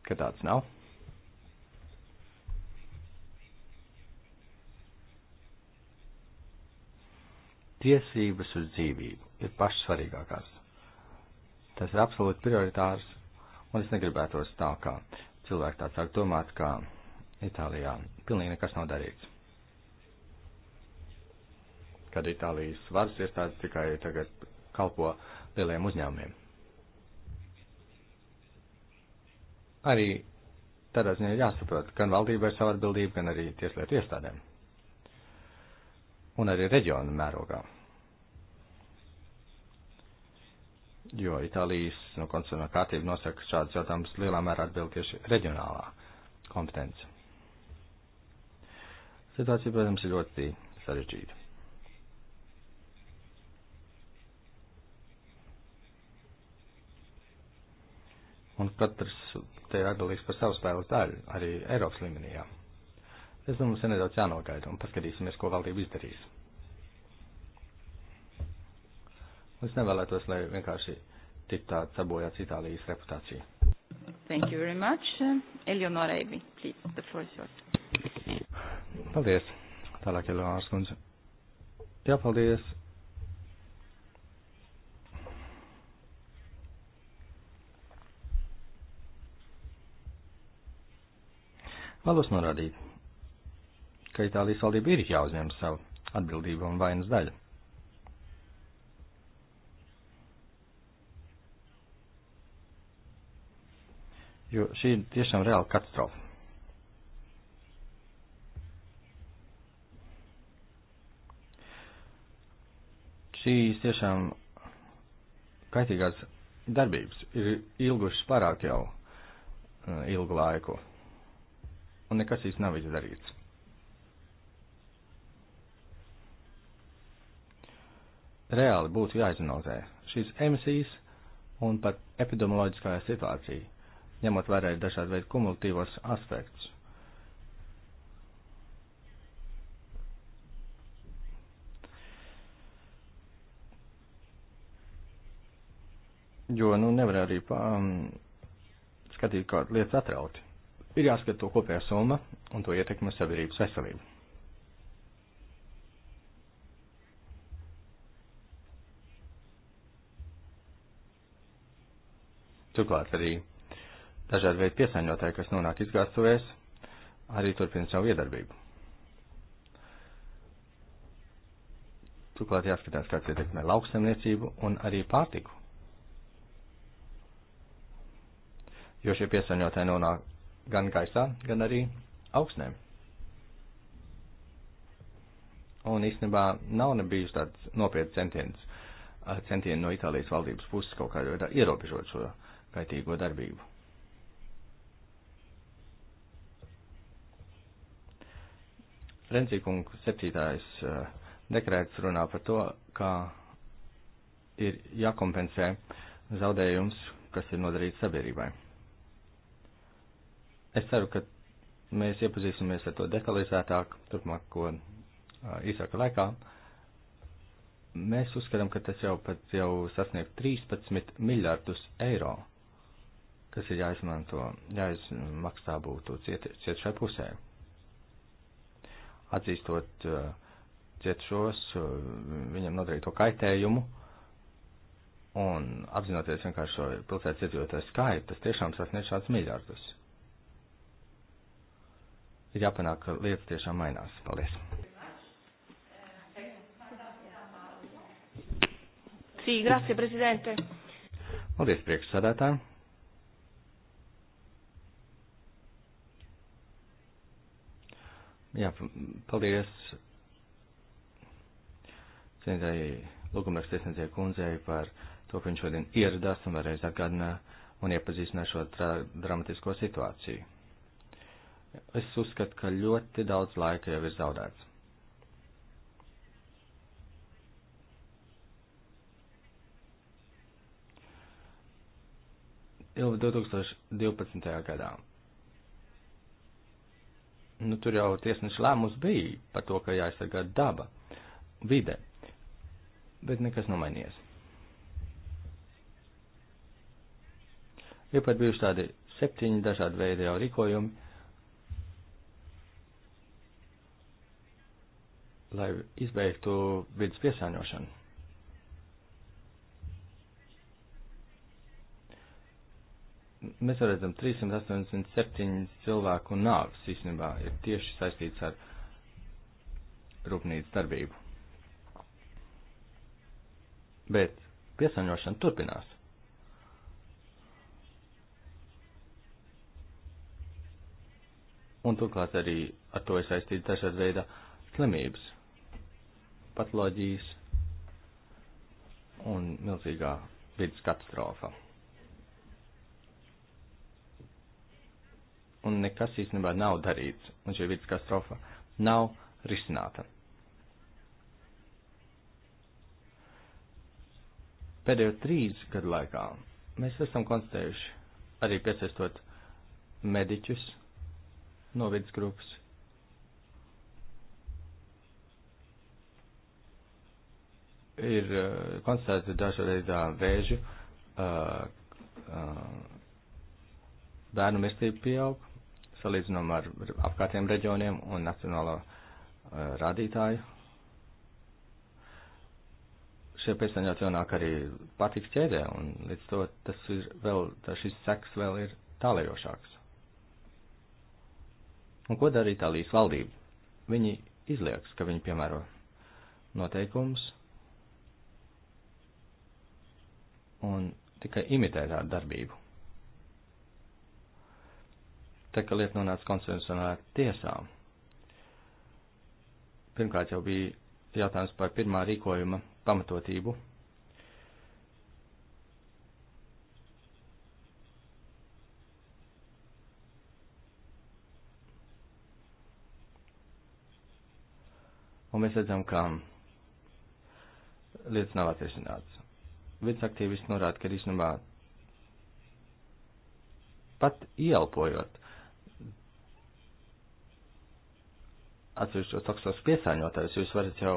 ka tāds nav. Tiesības uz dzīvību ir pašsvarīgākās. Tas ir absolūti prioritārs, un es negribētos tā, ka cilvēki tā sāk domāt, ka Itālijā pilnīgi nekas nav darīts. Kad Itālijas varas iestādes tikai tagad kalpo lieliem uzņēmumiem. Arī tādā ziņā jāsaprot, gan valdībai ir sava atbildība, gan arī tieslietu iestādēm. Un arī reģionu mērogā. jo Itālijas nu, no konstitucionālā kārtība nosaka šādus jautājumus lielā mērā atbild tieši reģionālā kompetence. Situācija, protams, ir ļoti sarežģīta. Un katrs te ir atbildīgs par savu spēles daļu, arī Eiropas līmenī. Jā. Es domāju, mums ir nedaudz jānogaida un paskatīsimies, ko valdība izdarīs. Es nevēlētos, lai vienkārši tik tāds sabojāts Itālijas reputācija. Thank you very much. Eleonora Evi, please, the floor is yours. Paldies. Tālāk, Eleonora Skundze. Jā, paldies. Vēlos norādīt, ka Itālijas valdība ir jāuzņem savu atbildību un vainas daļu. jo šī ir tiešām reāla katastrofa. Šīs tiešām kaitīgās darbības ir ilgušas pārāk jau uh, ilgu laiku, un nekas īsti nav izdarīts. Reāli būtu jāizanalizē šīs emisijas un pat epidemioloģiskā situācija ņemot vērā ir dažādi veidi kumulatīvos aspektus. Jo, nu, nevar arī pa, um, skatīt kaut lietas atrauti. Ir jāskat to kopējā summa un to ietekmi uz sabiedrības veselību. Turklāt arī dažādi veidi piesaņotāji, kas nonāk izgāstuvēs, arī turpina savu iedarbību. Turklāt jāskatās, kāds ietekmē lauksemniecību un arī pārtiku. Jo šie piesaņotāji nonāk gan gaisā, gan arī augsnēm. Un īstenībā nav nebijis tāds nopietns centiens, centieni no Itālijas valdības puses kaut kādā veidā ierobežot šo kaitīgo darbību. Renzīkungu septītājs eh, dekrēts runā par to, kā ir jākompensē zaudējums, kas ir nodarīts sabiedrībai. Es ceru, ka mēs iepazīsimies ar to detalizētāk turpmāko eh, īsāka laikā. Mēs uzskatām, ka tas jau pat jau sasniegt 13 miljardus eiro, kas ir jāizmanto, jāizmaksā būtu ciet, ciet šai pusē atzīstot cietušos, viņam nodarīto kaitējumu un apzinoties vienkārši šo pilsētas iedzīvotāju skaitu, tas tiešām sasniedz šāds miljardus. Ir jāpanāk, ka lietas tiešām mainās. Paldies! Sī, grazie, prezidente! Paldies, priekšsādātāji! Jā, paldies cienītāji lūgumrakstu tiesnedzēju kundzei par to, ka viņš šodien ieradās un vēlreiz atgādina un iepazīstina šo dramatisko situāciju. Es uzskatu, ka ļoti daudz laika jau ir zaudēts. Jau 2012. gadā nu, tur jau tiesneša lēmums bija par to, ka jāaizsargā daba, vide, bet nekas nav mainījies. Ir pat bijuši tādi septiņi dažādi veidi jau rīkojumi, lai izbeigtu vidas piesāņošanu. mēs jau redzam 387 cilvēku nāvis īstenībā ir tieši saistīts ar rūpnīcas darbību. Bet piesaņošana turpinās. Un turklāt arī ar to ir saistīts dažāda veida slimības, patoloģijas un milzīgā vidas katastrofa. un nekas īstenībā nav darīts, un šī vidas katastrofa nav risināta. Pēdējo trīs gadu laikā mēs esam konstatējuši, arī piesaistot mediķus no vidas grupas, ir uh, konstatēta dažreiz vēža, uh, uh, bērnu mirstība pieaug, salīdzinām ar apkārtējiem reģioniem un nacionālo uh, rādītāju. Šie pēcteņi jau nāk arī pārtiks ķēdē, un līdz to tas ir vēl, šis seks vēl ir tālējošāks. Un ko darīja Itālijas valdība? Viņi izlieks, ka viņi piemēro noteikumus un tikai imitē tādu darbību te, ka lieta nonāca konstitucionālā tiesā. Pirmkārt jau bija jautājums par pirmā rīkojuma pamatotību. Un mēs redzam, ka lietas nav atrisināts. Viens aktīvists norāda, ka īstenībā pat ielpojot atsevišķos toksiskos piesāņotājus, jūs varat jau,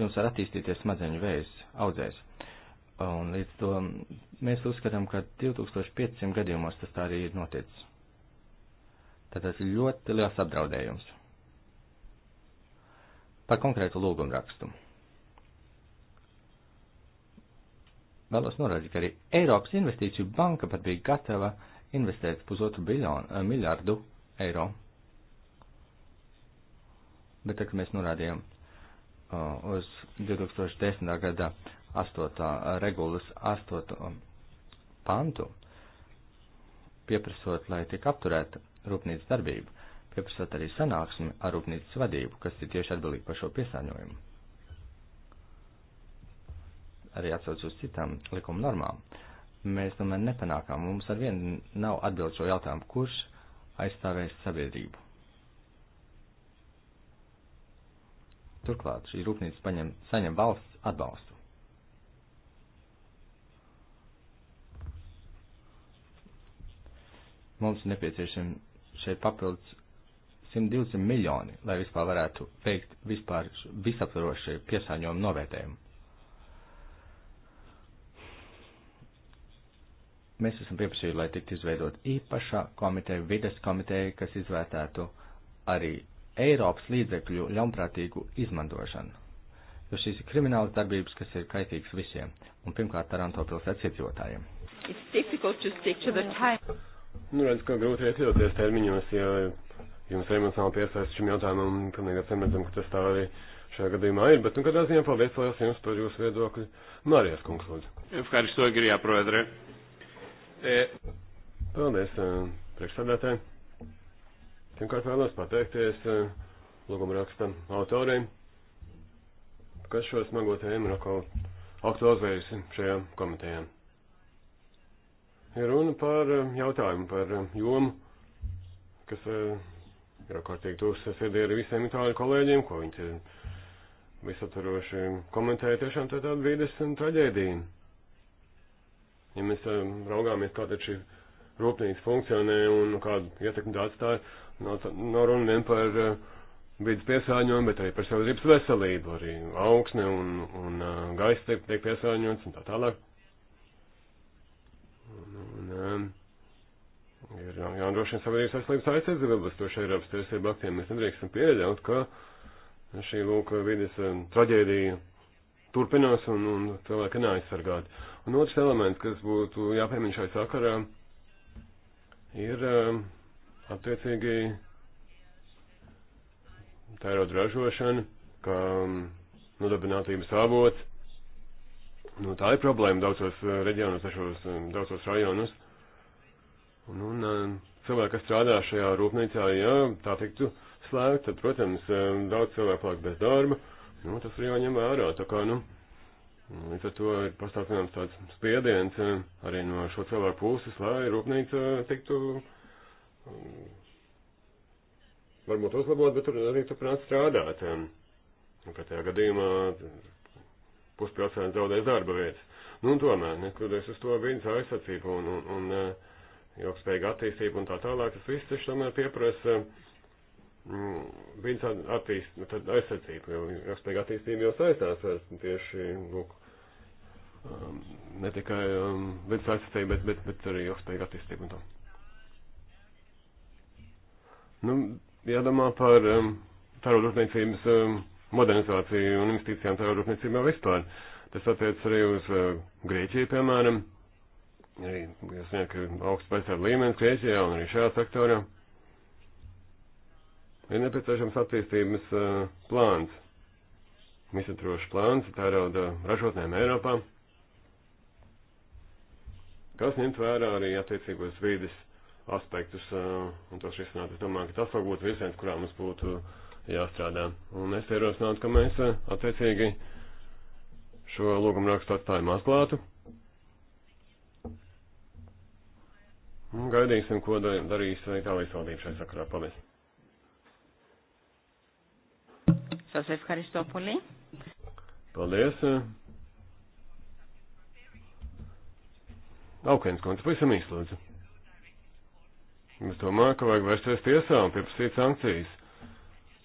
jums var attīstīties smadzeņu vējs audzēs. Un līdz to mēs uzskatām, ka 2500 gadījumos tas tā arī ir noticis. Tātad ļoti liels apdraudējums. Par konkrētu lūgumu rakstu. Vēlos norādīt, ka arī Eiropas investīciju banka pat bija gatava investēt pusotru biljonu, miljārdu eiro bet tagad mēs norādījām uh, uz 2010. gada 8. regulas 8. pantu, pieprasot, lai tiek apturēta rūpnīcas darbība, pieprasot arī sanāksmi ar rūpnīcas vadību, kas ir tieši atbildīgi par šo piesāņojumu. Arī atsauc uz citām likuma normām. Mēs tomēr nepanākām, mums ar vienu nav atbild šo jautājumu, kurš aizstāvēs sabiedrību. Turklāt šī rūpnīca paņem, saņem valsts atbalstu. Mums ir nepieciešami šeit papildus 120 miljoni, lai vispār varētu veikt vispār visaptvarošu piesāņojumu novērtējumu. Mēs esam pieprasījuši, lai tiktu izveidot īpaša komiteja, vides komiteja, kas izvērtētu arī Eiropas līdzekļu ļaunprātīgu izmantošanu. Jo šīs ir kriminālas darbības, kas ir kaitīgas visiem, un pirmkārt Taranto pilsētas iedzīvotājiem. Nu, redz, ka grūti iekļauties termiņos, ja jums emocionāli piesaist šim jautājumam, un pilnīgi atsimredzam, ka tas tā arī šajā gadījumā ir, bet, nu, kādā ziņā paldies liels jums par jūsu viedokļu. Mārijas kungs, lūdzu. Fkāris to ir jāprovedrē. Paldies, eh, priekšsādātāji. Pirmkārt vēlos pateikties eh, lūguma raksta autoriem, kas šo smago tēmu atkal aktualizējusi šajā komitejā. Ir runa par eh, jautājumu par eh, jomu, kas ir kārtīgi tūs sirdī ar visiem itāļu kolēģiem, ko viņi ir visaturoši komentēja tiešām tā tāda vīdes traģēdija. Ja mēs raugāmies, kā tad šī rūpnīca funkcionē un kādu ietekmi tā atstāja, Nav no runa vien par eh, vidas piesāņojumu, bet arī par sabiedrības veselību, arī augsne un, un eh, gaisa tiek, tiek piesāņots un tā tālāk. Un, un, eh, ir jānodrošina sabiedrības veselības aizsardzība, bet to šeit ir apstiesība aktiem. Mēs nedrīkstam pieļaut, ka šī lūk vidas traģēdija turpinās un, un cilvēki neaizsargāti. Un otrs elements, kas būtu jāpiemina šai sakarā, ir uh, Attiecīgi, tā ir ražošana, kā um, nodarbinātības avots. Nu, tā ir problēma daudzos uh, reģionos, dažos, um, daudzos rajonos. Un, un um, cilvēki, kas strādā šajā rūpnīcā, ja tā tiktu slēgta, tad, protams, daudz cilvēku paliek bez darba. Nu, tas arī jāņem vērā. Tā kā, nu, Līdz ar to ir pastāvināms tāds spiediens arī no šo cilvēku puses, lai rūpnīca tiktu Mm. varbūt uzlabot, bet tur arī turpināt strādāt. Um, un pretējā gadījumā puspilsēta zaudēs darba vietas. Nu, un tomēr, neskatoties uz to vidas aizsardzību un, un, un uh, ilgspējīgu attīstību un tā tālāk, tas viss taču tomēr pieprasa mm, vidas attīst, aizsardzību, jo ilgspējīga attīstība jau saistās ar tieši, lūk, um, ne tikai um, vidas aizsardzību, bet, bet, bet arī ilgspējīgu attīstību un tā. Nu, jādomā par um, tērautrūpniecības um, modernizāciju un investīcijām tērautrūpniecībā vispār. Tas attiec arī uz uh, Grieķiju, piemēram. Arī, es zinu, ka augsts paistāv līmenis Grieķijā un arī šajā sektorā. Ir nepieciešams attīstības uh, plāns. Misatrošs plāns tērauda ražotnēm Eiropā. Kas ņemt vērā arī attiecīgos vīdes aspektus eh, un tos risināt. Es domāju, ka tas var būt virziens, kurā mums būtu eh, jāstrādā. Un es ierosinātu, ka mēs eh, attiecīgi šo lūgumu rakstu atstājam atklātu. Un gaidīsim, ko darīs Itālijas valdība šai sakarā. Paldies! Σας ευχαριστώ πολύ. Paldies. Aukens kundze, pavisam īslūdzu. Es domāju, ka vajag vērsties tiesā un pieprasīt sankcijas.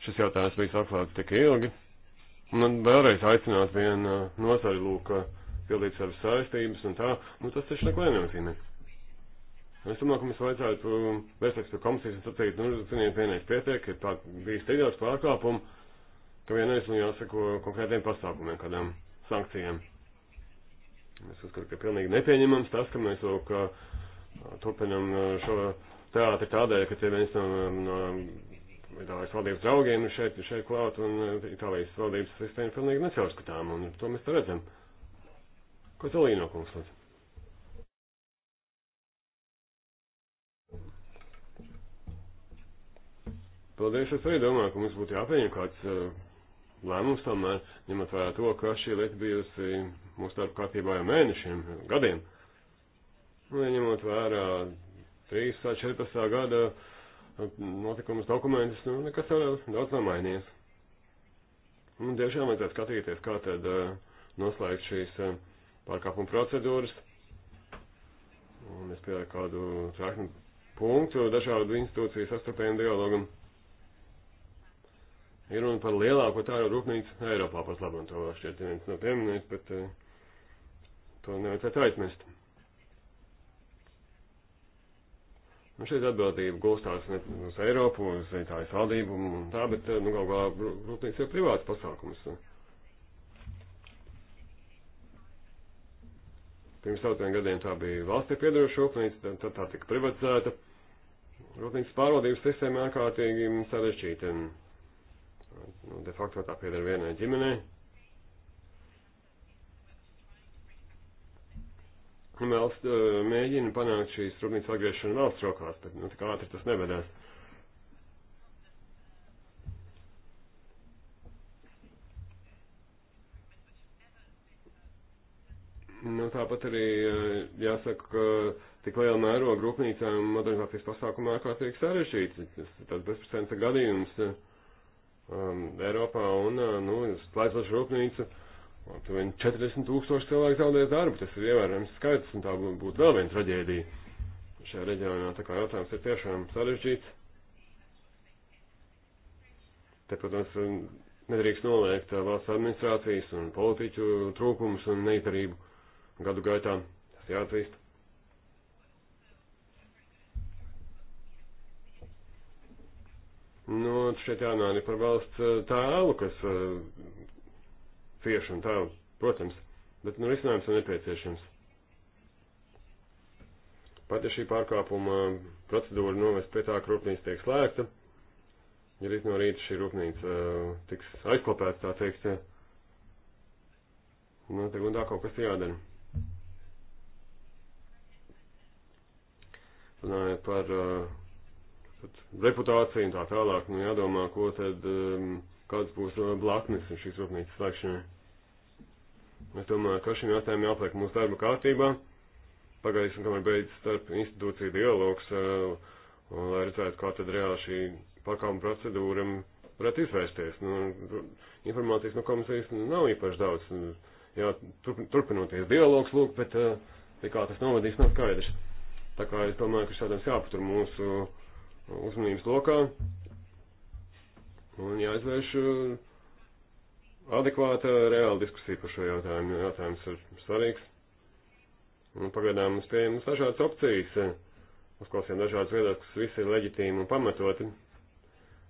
Šis jautājums bija saklāts tik ilgi. Un man vēlreiz aicināt vienu uh, nozaru lūk, uh, pildīt savas saistības un tā. Nu, tas taču neko nenozīmē. Es domāju, ka mums vajadzētu vērsties pie komisijas un sacīt, nu, ziniet, vienreiz pietiek, ir tā bijis tiļās pārkāpumu, ka vienreiz nu jāsako konkrētiem pasākumiem, kādām sankcijām. Es uzskatu, ka pilnīgi nepieņemams tas, ka mēs lūk, uh, turpinam šo teātri tādēļ, ka tie viens um, no, no um, Itālijas valdības draugiem šeit, šeit klāt, un uh, Itālijas valdības sistēma pilnīgi necaurskatām, un to mēs te redzam. Ko Zalīno kungs lūdzu? Paldies, es arī domāju, ka mums būtu jāpieņem kāds uh, lēmums tomēr, ņemot vērā to, ka šī lieta bijusi mūsu darba kārtībā jau mēnešiem, gadiem. Un, ja ņemot vērā 3. vai 14. gada uh, notikumus dokumentus, nu, nekas jau daudz nav mainījies. Un tiešām vajadzētu skatīties, kā tad uh, noslēgt šīs uh, pārkāpuma procedūras. Un es pieļauju kādu trāknu punktu dažādu institūciju sastapējumu dialogam. Ir runa par lielāko tādu rūpnīcu Eiropā pat labam to šķiet viens no pieminējis, bet uh, to nevajadzētu aizmest. Nu, šeit atbildība gulstās ne uz Eiropu, uz Itālijas valdību un tā, bet, eh, nu, gal galā rūpnīca ir privāts pasākums. Pirms daudziem gadiem tā bija valstī piedaroša rūpnīca, tad tā tika privatizēta. Rūpnīcas pārvaldības sistēma ārkārtīgi sarežģīta. Nu, de facto tā piedara vienai ģimenei. Un vēl uh, mēģina panākt šīs rūpnīcas atgriešanu valsts rokās, bet nu, tik ātri tas nevedās. Nu, tāpat arī uh, jāsaka, ka tik liela mēroga rūpnīcām modernizācijas pasākumā ārkārtīgi sarežģīts. Tas ir tāds bezprecedenta gadījums um, Eiropā un, uh, nu, slēdzoša rūpnīca. Uh, Aptuveni 40 tūkstoši cilvēku zaudēs darbu, tas ir ievērojams skaits, un tā būtu vēl viena traģēdija šajā reģionā. Tā kā jautājums ir tiešām sarežģīts. Te, protams, nedrīkst noliegt uh, valsts administrācijas un politiķu trūkumus un neizdarību gadu gaitā. Tas jāatzīst. Nu, šeit jārunā arī par valsts uh, tēlu, kas uh, cieši un tā, protams, bet nu risinājums ir nepieciešams. Pat ja šī pārkāpuma procedūra novest pie tā, ka rūpnīca tiek slēgta, ja rīt no rīta šī rūpnīca uh, tiks aizklopēta, tā teikt, uh, nu, te gundā kaut kas jādara. Runājot par uh, reputāciju un tā tālāk, nu jādomā, ko tad. Um, kāds būs uh, blaknes šīs rūpnīcas slēgšanai. Es domāju, ka šim jautājumam jāpaliek mūsu darba kārtībā. Pagaidīsim, kamēr beidzas starp institūciju dialogs, uh, un lai redzētu, kā tad reāli šī pakāpuma procedūra varētu izvērsties. Nu, informācijas no komisijas nav īpaši daudz. Jā, turpinoties dialogs, lūk, bet uh, pie kā tas novadīs, nav skaidrs. Tā kā es domāju, ka šādams jāpatur mūsu uzmanības lokā. Un jāizvērš uh, adekvāta reāla diskusija par šo jautājumu. Jautājums ir svarīgs. Un pagaidām mums pieejamas dažādas opcijas. Uh, Uzklausījām dažādas viedokļas, kas visi ir leģitīmi un pamatoti.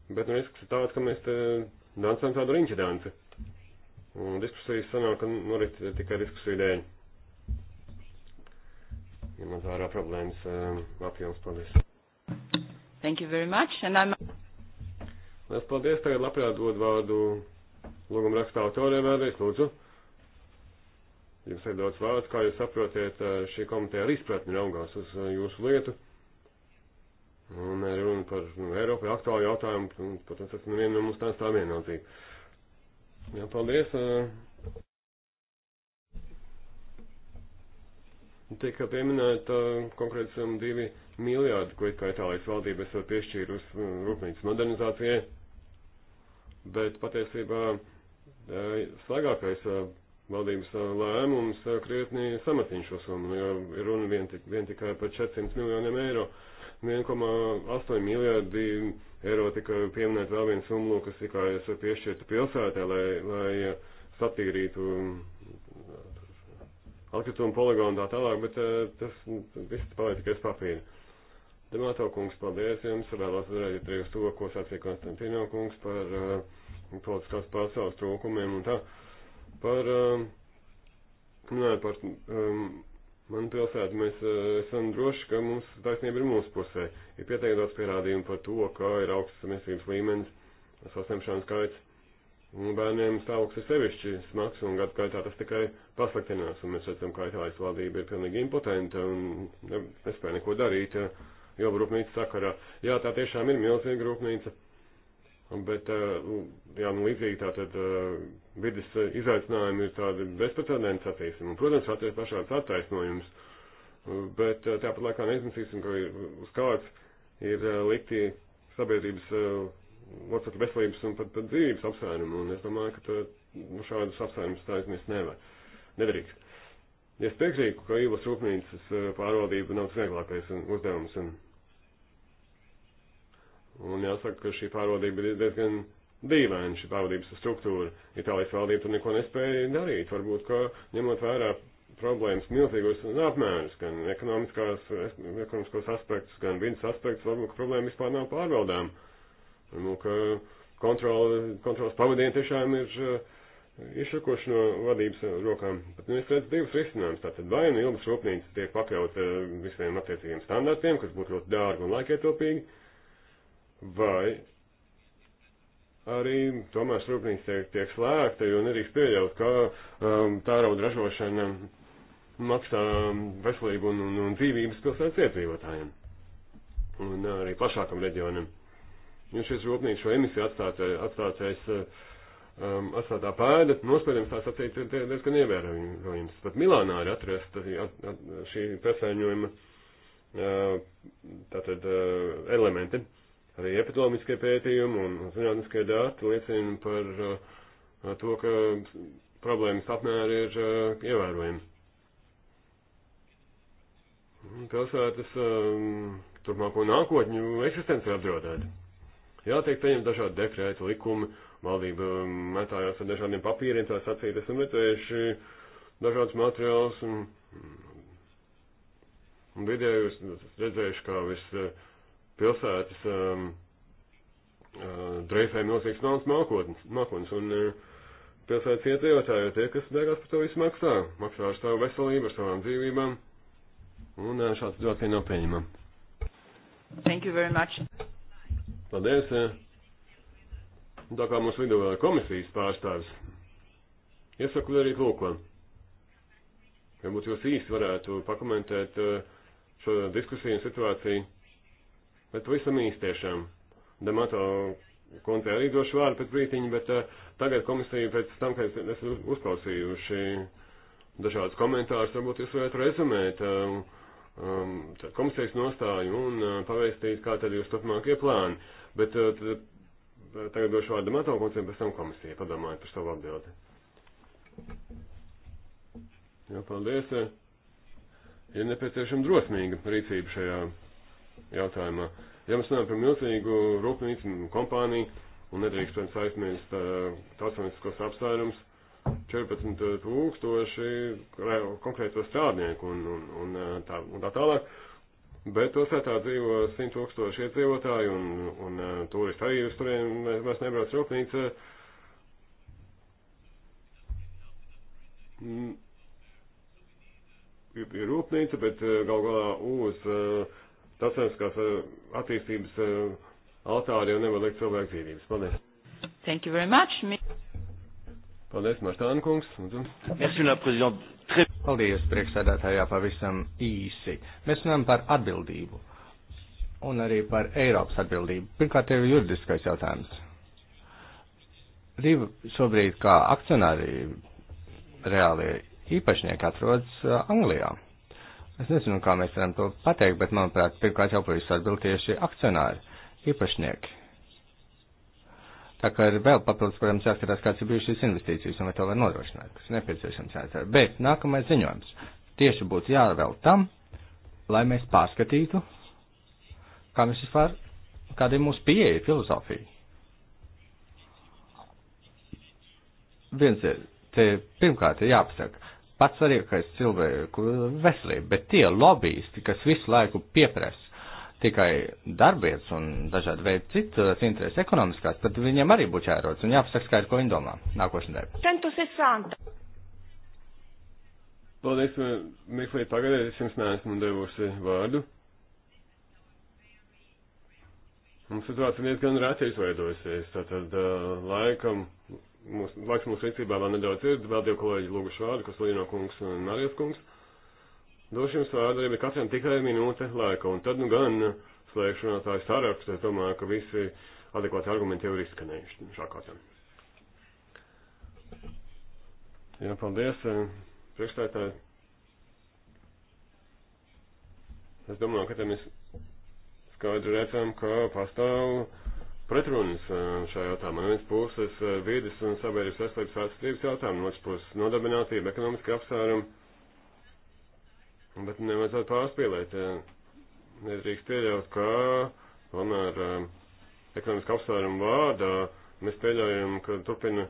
Bet nu, risks ir tāds, ka mēs te uh, dansam tādu riņķa danci. Un diskusijas sanāk, ka norit nu, tikai diskusiju dēļ. Ja man vērā problēmas, apjoms, paldies. Thank you very much. And I'm... Mēs paldies, tagad labprāt dod vārdu lūguma raksta autoriem vēlreiz, lūdzu. Jums ir daudz vārds, kā jūs saprotiet, eh, šī komiteja ar izpratni raugās uz eh, jūsu lietu. Un runa par nu, Eiropai aktuālu jautājumu, un, protams, esmu vienu no mums tā stāv vienaldzīgi. Jā, paldies. Eh. Tika pieminēta konkrēti divi miljārdi, ko it kā Itālijas valdība esot piešķīrusi rūpnīcas modernizācijai bet patiesībā e, svaigākais e, valdības e, lēmums krietni samazina šo summu, jo ir runa vien, tik, vien tikai par 400 miljoniem eiro. 1,8 miljardi eiro tika pieminēta vēl viena summa, kas tikai ir piešķirta pilsētē, lai, lai satīrītu atkritumu poligonu tā tālāk, bet tas viss paliek tikai uz papīra. Demato kungs, paldies jums, vēlos vēlēt arī uz to, ko sacīja Konstantino kungs par uh, politiskās pasaules trūkumiem un tā. Par, uh, eh, nē, par um, manu pilsētu mēs uh, esam droši, ka mums taisnība ir mūsu pusē. Ir pietiekami daudz pierādījumu par to, ka ir augsts nesības līmenis, sasniegšanas skaits. Un bērniem stāvoklis ir sevišķi smags, un gadu gaitā tas tikai pasliktinās, un mēs redzam, ka Itālijas valdība ir pilnīgi impotenta un nespēja neko darīt. Uh, jau rūpnīca sakarā. Jā, tā tiešām ir milzīga rūpnīca. Bet, eh, nu, jā, nu līdzīgi tā tad eh, vidas eh, izaicinājumi ir tādi bezprecedenti, sacīsim. Un, protams, attiec pašāds attaisnojums. Bet tāpat laikā neizmisīsim, ka uz kāds ir likti sabiedrības locekļu veselības un pat, pat dzīvības apsvērumi. Un es domāju, ka tā, nu, šādas apsvērumus taisnīgs nevar. Nedrīkst. Es piekrītu, ka Ivas rūpnīcas eh, pārvaldība nav vieglākais uzdevums. Un, un jāsaka, ka šī pārvaldība ir diezgan dīvaina, šī pārvaldības struktūra. Itālijas valdība tur neko nespēja darīt. Varbūt, ka ņemot vērā problēmas milzīgos apmērus, gan ekonomiskos aspektus, gan vidas aspektus, varbūt problēma vispār nav pārvaldām. Varbūt, nu, ka kontrol, kontrols pavadieni tiešām ir eh, Išrakoši no vadības rokām. Pat nu, es redzu divus risinājumus. Tātad vai nu ilgas rūpnīcas tiek pakļaut eh, visiem attiecīgiem standartiem, kas būtu ļoti dārgi un laikietilpīgi, vai arī tomēr rūpnīca tiek, tiek slēgta, jo nedrīkst pieļaut, ka um, tārauda ražošana maksā um, veselību un, un, un dzīvības pilsētas iedzīvotājiem un uh, arī plašākam reģionam. Un šis rūpnīcu šo emisiju atstātais, atstātais uh, um, asfaltā pēda, nospiedums tā sacīt, ir diezgan ievērojams. Pat Milānā ir atrasta at, at, šī piesēņojuma uh, tātad uh, elementi. Arī epidoloģiskie pētījumi un zinātniskie dati liecina par uh, to, ka problēmas apmēri ir uh, ievērojami. Pilsētas um, turpmāko nākotņu eksistenci apdraudēta. Jātiek pieņemt dažādi dekrēti, likumi, uh, Valdība metājās ar dažādiem papīriem, tā sacīt, esam metējuši dažādas materiālus un, un video jūs redzējuši, kā viss eh, pilsētas um, ehm, uh, eh, dreifē milzīgs naudas mākotnes, mākotnes un uh, pilsētas iedzīvotāji ir tie, kas beigās par to visu maksā. Maksā ar savu veselību, ar savām dzīvībām. Un šāds situācija nav pieņemama. Thank you very much. Paldies. Un tā kā mums vidū vēl komisijas pārstāvis, iesaku darīt lūko. Varbūt jūs īsti varētu pakomentēt eh, šo diskusiju un situāciju, bet visam īsti tiešām. Demato kundze arī došu vārdu pēc brītiņa, bet uh, tagad komisija pēc tam, kad es uzklausījuši dažādas komentārus, varbūt jūs varētu rezumēt eh, um, um, komisijas nostāju un uh, pavēstīt, kā tad jūs turpmākie plāni. Bet uh, Tagad došu vārdu Mato kundzei, pēc tam komisija padomāja par savu atbildi. Jā, paldies. Ir nepieciešama drosmīga rīcība šajā jautājumā. Ja mēs runājam par milzīgu rūpnīcu kompāniju un nedrīkst, protams, aizmirst tautsamiskos apsvērums, 14 tūkstoši konkrēto strādnieku un, un, un, tā, un tā tālāk. Bet pilsētā dzīvo 100 tūkstoši iedzīvotāji un, un, un e, turisti arī uz turien mēs nebrauc rūpnīca. Mm. Ir, ir rūpnīca, bet e, gal galā uz e, tacenskās attīstības altāri jau nevar likt cilvēku dzīvības. Paldies. Thank you very much. Paldies, Martāna kungs. Merci, la prezidente. Paldies, priekšsēdētājā, pavisam īsi. Mēs runājam par atbildību un arī par Eiropas atbildību. Pirmkārt, ir juridiskais jautājums. Rīva šobrīd kā akcionāri reāli īpašnieki atrodas Anglijā. Es nezinu, kā mēs varam to pateikt, bet, manuprāt, pirmkārt jau pavisam atbild tieši akcionāri, īpašnieki. Tā kā ir vēl papildus, protams, jāskatās, kāds ir bijušas šīs investīcijas un vai to var nodrošināt, kas ir nepieciešams jāatcer. Bet nākamais ziņojums tieši būtu jāvēl tam, lai mēs pārskatītu, kā mēs vispār, kāda ir mūsu pieeja filozofija. Viens ir, te pirmkārt ir jāpasaka, pats svarīgākais cilvēku veselība, bet tie lobbyisti, kas visu laiku piepres tikai darbvietas un dažādi veidi citas intereses ekonomiskās, tad viņiem arī būtu jāierodas un jāpasaka skaidri, ko viņi domā nākošanai. Paldies, eh, meklēju pagaidēt, es jums neesmu devusi vārdu. Mums situācija diezgan rēti izveidojusies, tātad uh, laikam, mūs, laiks mūsu rīcībā vēl nedaudz ir, vēl divi kolēģi lūguši vārdu, Koslīno kungs un Marijas kungs. Došu jums vārdu arī katram tikai minūte laika, un tad nu gan slēgšu runātāju sarakstu, es domāju, ka visi adekvāti argumenti jau ir izskanējuši šākāciem. Jā, paldies, eh, priekšstādātāji. Es domāju, ka te mēs skaidri redzam, ka pastāv pretrunas eh, šajā jautājumā. No vienas puses eh, vides un sabiedrības veselības aizsardzības jautājumu, no otras puses nodarbinātība, ekonomiski apsvērumi. Bet nevajadzētu pārspīlēt. Nedrīkst pieļaut, ka tomēr eh, ekonomiskā apsvēruma vārdā mēs pieļaujam, ka turpina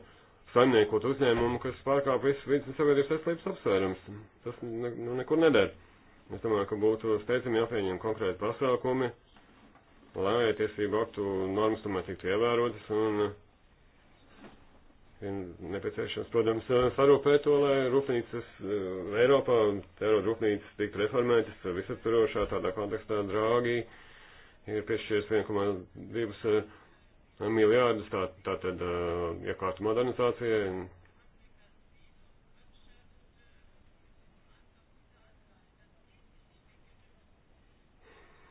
saimniekot uzņēmumu, kas pārkāp visu vidas un sabiedrības veselības apsvērums. Tas ne, nu, nekur neder. Es domāju, ka būtu steidzami jāpieņem konkrēti pasākumi, lai tiesību aktu normas tomēr tiktu ievērotas un uh, ir nepieciešams, protams, eh, sarūpēt to, lai rūpnīcas eh, Eiropā, teror rūpnīcas tiktu reformētas visaptvarošā tādā kontekstā drāgī ir piešķirs 1,2 eh, miljārdus tā, tā tad iekārtu modernizācijai.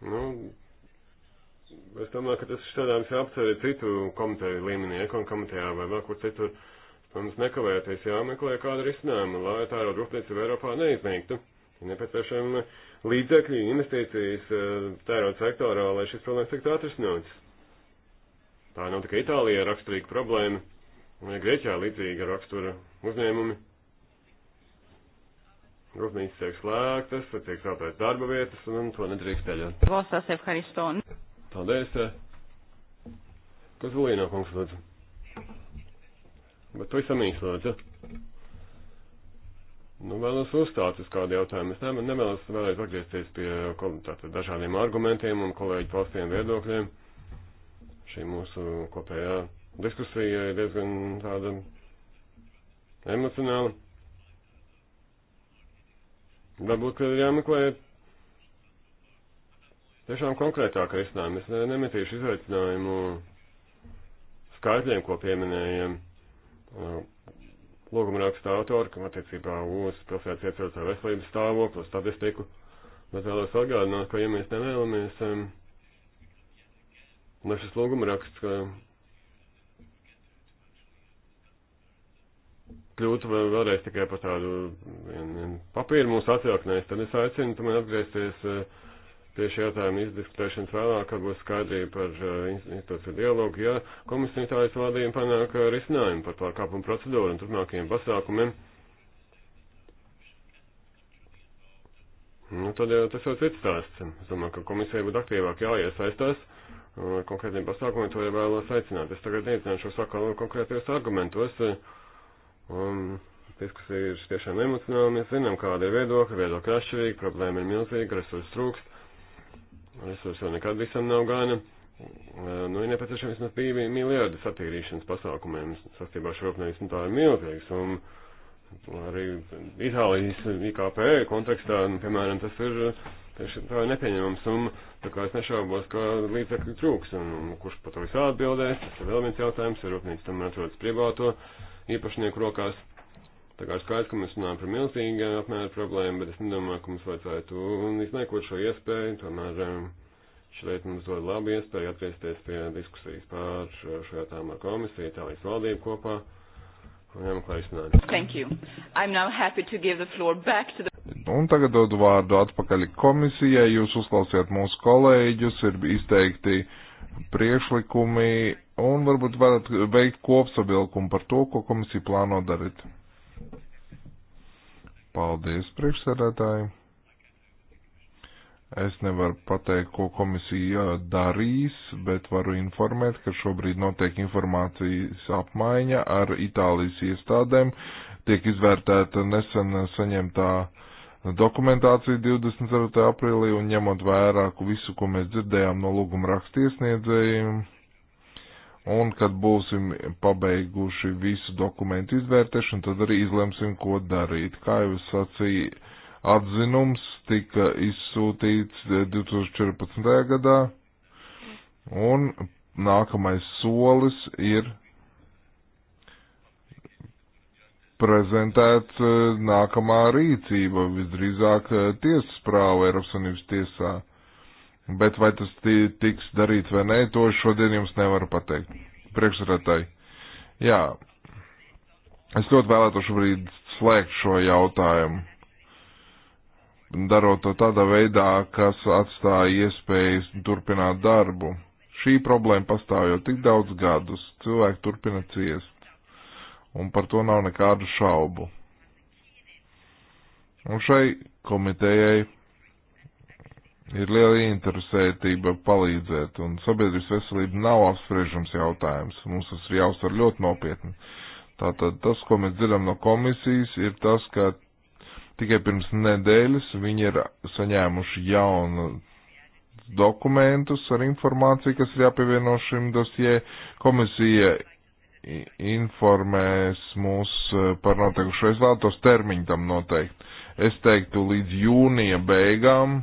Nu, es domāju, ka tas strādājums jāapcer arī citu komiteju līmenī, ekonu komitejā vai vēl kur citur. Mums nekavēties jāmeklē kāda risinājuma, lai tā jau rūpniecība Eiropā neiznīktu. Ir nepieciešama līdzekļi, investīcijas eh, tērauda sektorā, lai šis problēmas tiktu atrisināts. Tā nav tikai Itālijā raksturīga problēma, un ir Grieķijā līdzīga rakstura uzņēmumi. Rūpnīcas tiek slēgtas, tiek zaudētas darba vietas, un to nedrīkst pieļaut. Paldies. Kas Lino kungs lūdzu? Bet pavisam īsi lūdzu. Nu, vēlos uzstāt uz kādu jautājumu. Es nevēlos vēlreiz atgriezties pie tātad, dažādiem argumentiem un kolēģi paustiem viedokļiem. Šī mūsu kopējā diskusija ir diezgan tāda emocionāla. Varbūt, ka ir jāmeklē Tiešām konkrētāk risinājumi. Es ne, nemetīšu izaicinājumu skaitļiem, ko pieminējiem uh, lūguma raksta autori, kam attiecībā uz pilsētas iecelsā veselības stāvokli, statistiku. Bet vēlos atgādināt, ka, ja mēs nevēlamies, um, lai šis lūguma raksts kļūtu vēl, vēlreiz tikai par tādu vien, vien papīru mūsu atjauknēs, tad es aicinu tomēr atgriezties uh, pie šī jautājuma izdiskutēšanas vēlāk, kad būs skaidrība par eh, institūciju dialogu, ja komisijas vadījuma panāk eh, risinājumu par pārkāpumu procedūru un turpmākajiem pasākumiem. Nu, tad jau eh, tas jau cits stāsts. Es domāju, ka komisija būtu aktīvāk jāiesaistās ar konkrētiem pasākumiem, to jau vēlos aicināt. Es tagad neiecināšos atkal konkrētajos argumentos. Um, diskusija ir tiešām emocionāla, mēs zinām, kāda ir viedokļa, viedokļa atšķirīga, problēma ir milzīga, resursu trūkst. Resursi jau nekad visam nav gana. Nu, ir nepieciešams vismaz 2 miljardi satīrīšanas pasākumiem sastībā ar šo apnēvismu. Tā ir milzīgs. Un, arī Itālijas IKP kontekstā, nu, piemēram, tas ir, tā ir nepieņemams, un tā kā es nešaubos, ka līdzekļu trūks, un, un kurš par to visu atbildēs, tas ir vēl viens jautājums, ir rūpnīca tam atrodas privāto īpašnieku rokās, Tā kā skaidrs, ka mēs runājam par milzīgu apmēru problēmu, bet es nedomāju, ka mums vajadzētu izniekot šo iespēju. Tomēr um, šeit mums dod labu iespēju atgriezties pie diskusijas pār šo, šo jautājumu ar komisiju, Itālijas valdību kopā. Thank you. I'm now happy to give the floor back to the... Nu, un tagad dodu vārdu atpakaļ komisijai. Jūs uzklausījāt mūsu kolēģus, ir izteikti priešlikumi un varbūt varat veikt kopsavilkumu par to, ko komisija plāno darīt. Paldies, priekšsēdētāji. Es nevaru pateikt, ko komisija darīs, bet varu informēt, ka šobrīd notiek informācijas apmaiņa ar Itālijas iestādēm. Tiek izvērtēta nesen saņemtā dokumentācija 24. aprīlī un ņemot vērā visu, ko mēs dzirdējām no lūguma rakstiesniedzējiem un kad būsim pabeiguši visu dokumentu izvērtēšanu, tad arī izlemsim, ko darīt. Kā jau es sacīju, atzinums tika izsūtīts 2014. Eh, gadā, un nākamais solis ir prezentēts eh, nākamā rīcība, visdrīzāk eh, tiesas prāva Eiropas Unības tiesā bet vai tas tiks darīts vai nē, to šodien jums nevaru pateikt. Priekšsarētāji, jā, es ļoti vēlētu šobrīd slēgt šo jautājumu, darot to tādā veidā, kas atstāja iespējas turpināt darbu. Šī problēma pastāv jau tik daudz gadus, cilvēki turpina ciest, un par to nav nekādu šaubu. Un šai komitejai ir liela interesētība palīdzēt, un sabiedrības veselība nav apspriežams jautājums. Mums tas ir jāuztver ļoti nopietni. Tātad tas, ko mēs dzirdam no komisijas, ir tas, ka tikai pirms nedēļas viņi ir saņēmuši jaunu dokumentus ar informāciju, kas ir jāpievieno šim dosie. Komisija informēs mūs eh, par notikušo. Es vēlētos termiņu tam noteikt. Es teiktu līdz jūnija beigām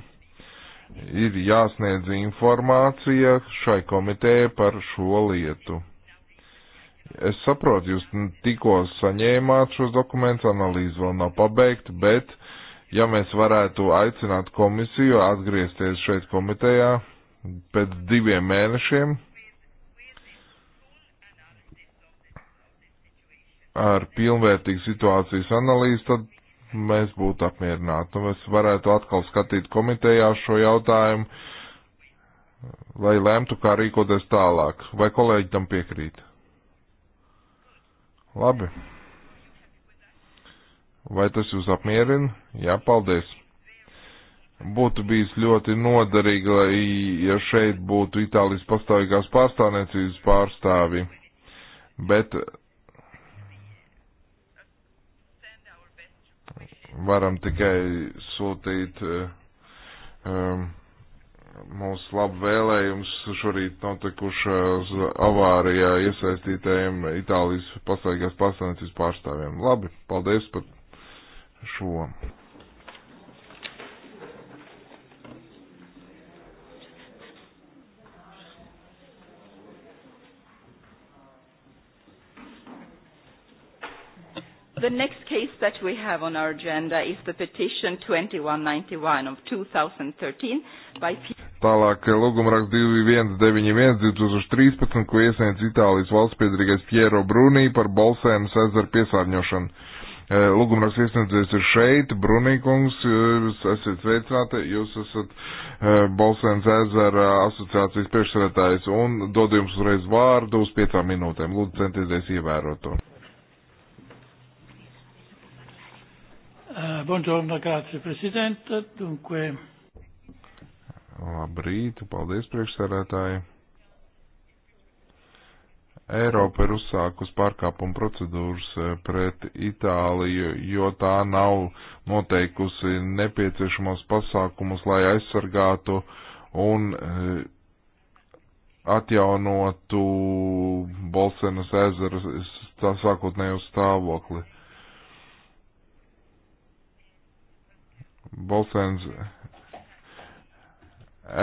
ir jāsniedz informācija šai komitejai par šo lietu. Es saprotu, jūs tikko saņēmāt šos dokumentus, analīze vēl nav pabeigta, bet ja mēs varētu aicināt komisiju atgriezties šeit komitejā pēc diviem mēnešiem ar pilnvērtīgu situācijas analīzi, tad mēs būtu apmierināti. Nu, mēs varētu atkal skatīt komitejā šo jautājumu, lai lemtu, kā rīkoties tālāk. Vai kolēģi tam piekrīt? Labi. Vai tas jūs apmierina? Jā, paldies. Būtu bijis ļoti noderīgi, lai, ja šeit būtu Itālijas pastāvīgās pārstāvniecības pārstāvi, bet varam tikai sūtīt um, mūsu labu vēlējumus šorīt notikušās avārijā iesaistītajiem Itālijas pasargās pasaules pārstāvjiem. Labi, paldies par šo. The next case that we have on our agenda is the petition 2191 of 2013 by Tālāk eh, lūgumraksts 2191 2013, ko iesniedz Itālijas valstspiedrīgais Piero Brunī par Bolsēnas ezeru piesārņošanu. Eh, lūgumraksts iesniedzējs ir šeit, Brunīkungs, jūs eh, esat sveicināti, jūs esat Bolsēnas ezera asociācijas priekšsēdētājs un dodu jums uzreiz vārdu uz piecām minūtēm. Lūdzu, centieties ievērot to. Uh, buongiorno, grazie Presidente. Dunque... Labrīt, paldies priekšsarētāji. Eiropa ir uzsākus pārkāpumu procedūras eh, pret Itāliju, jo tā nav noteikusi nepieciešamos pasākumus, lai aizsargātu un eh, atjaunotu Bolsenas ezeras sākotnējo stāvokli. Bolsēns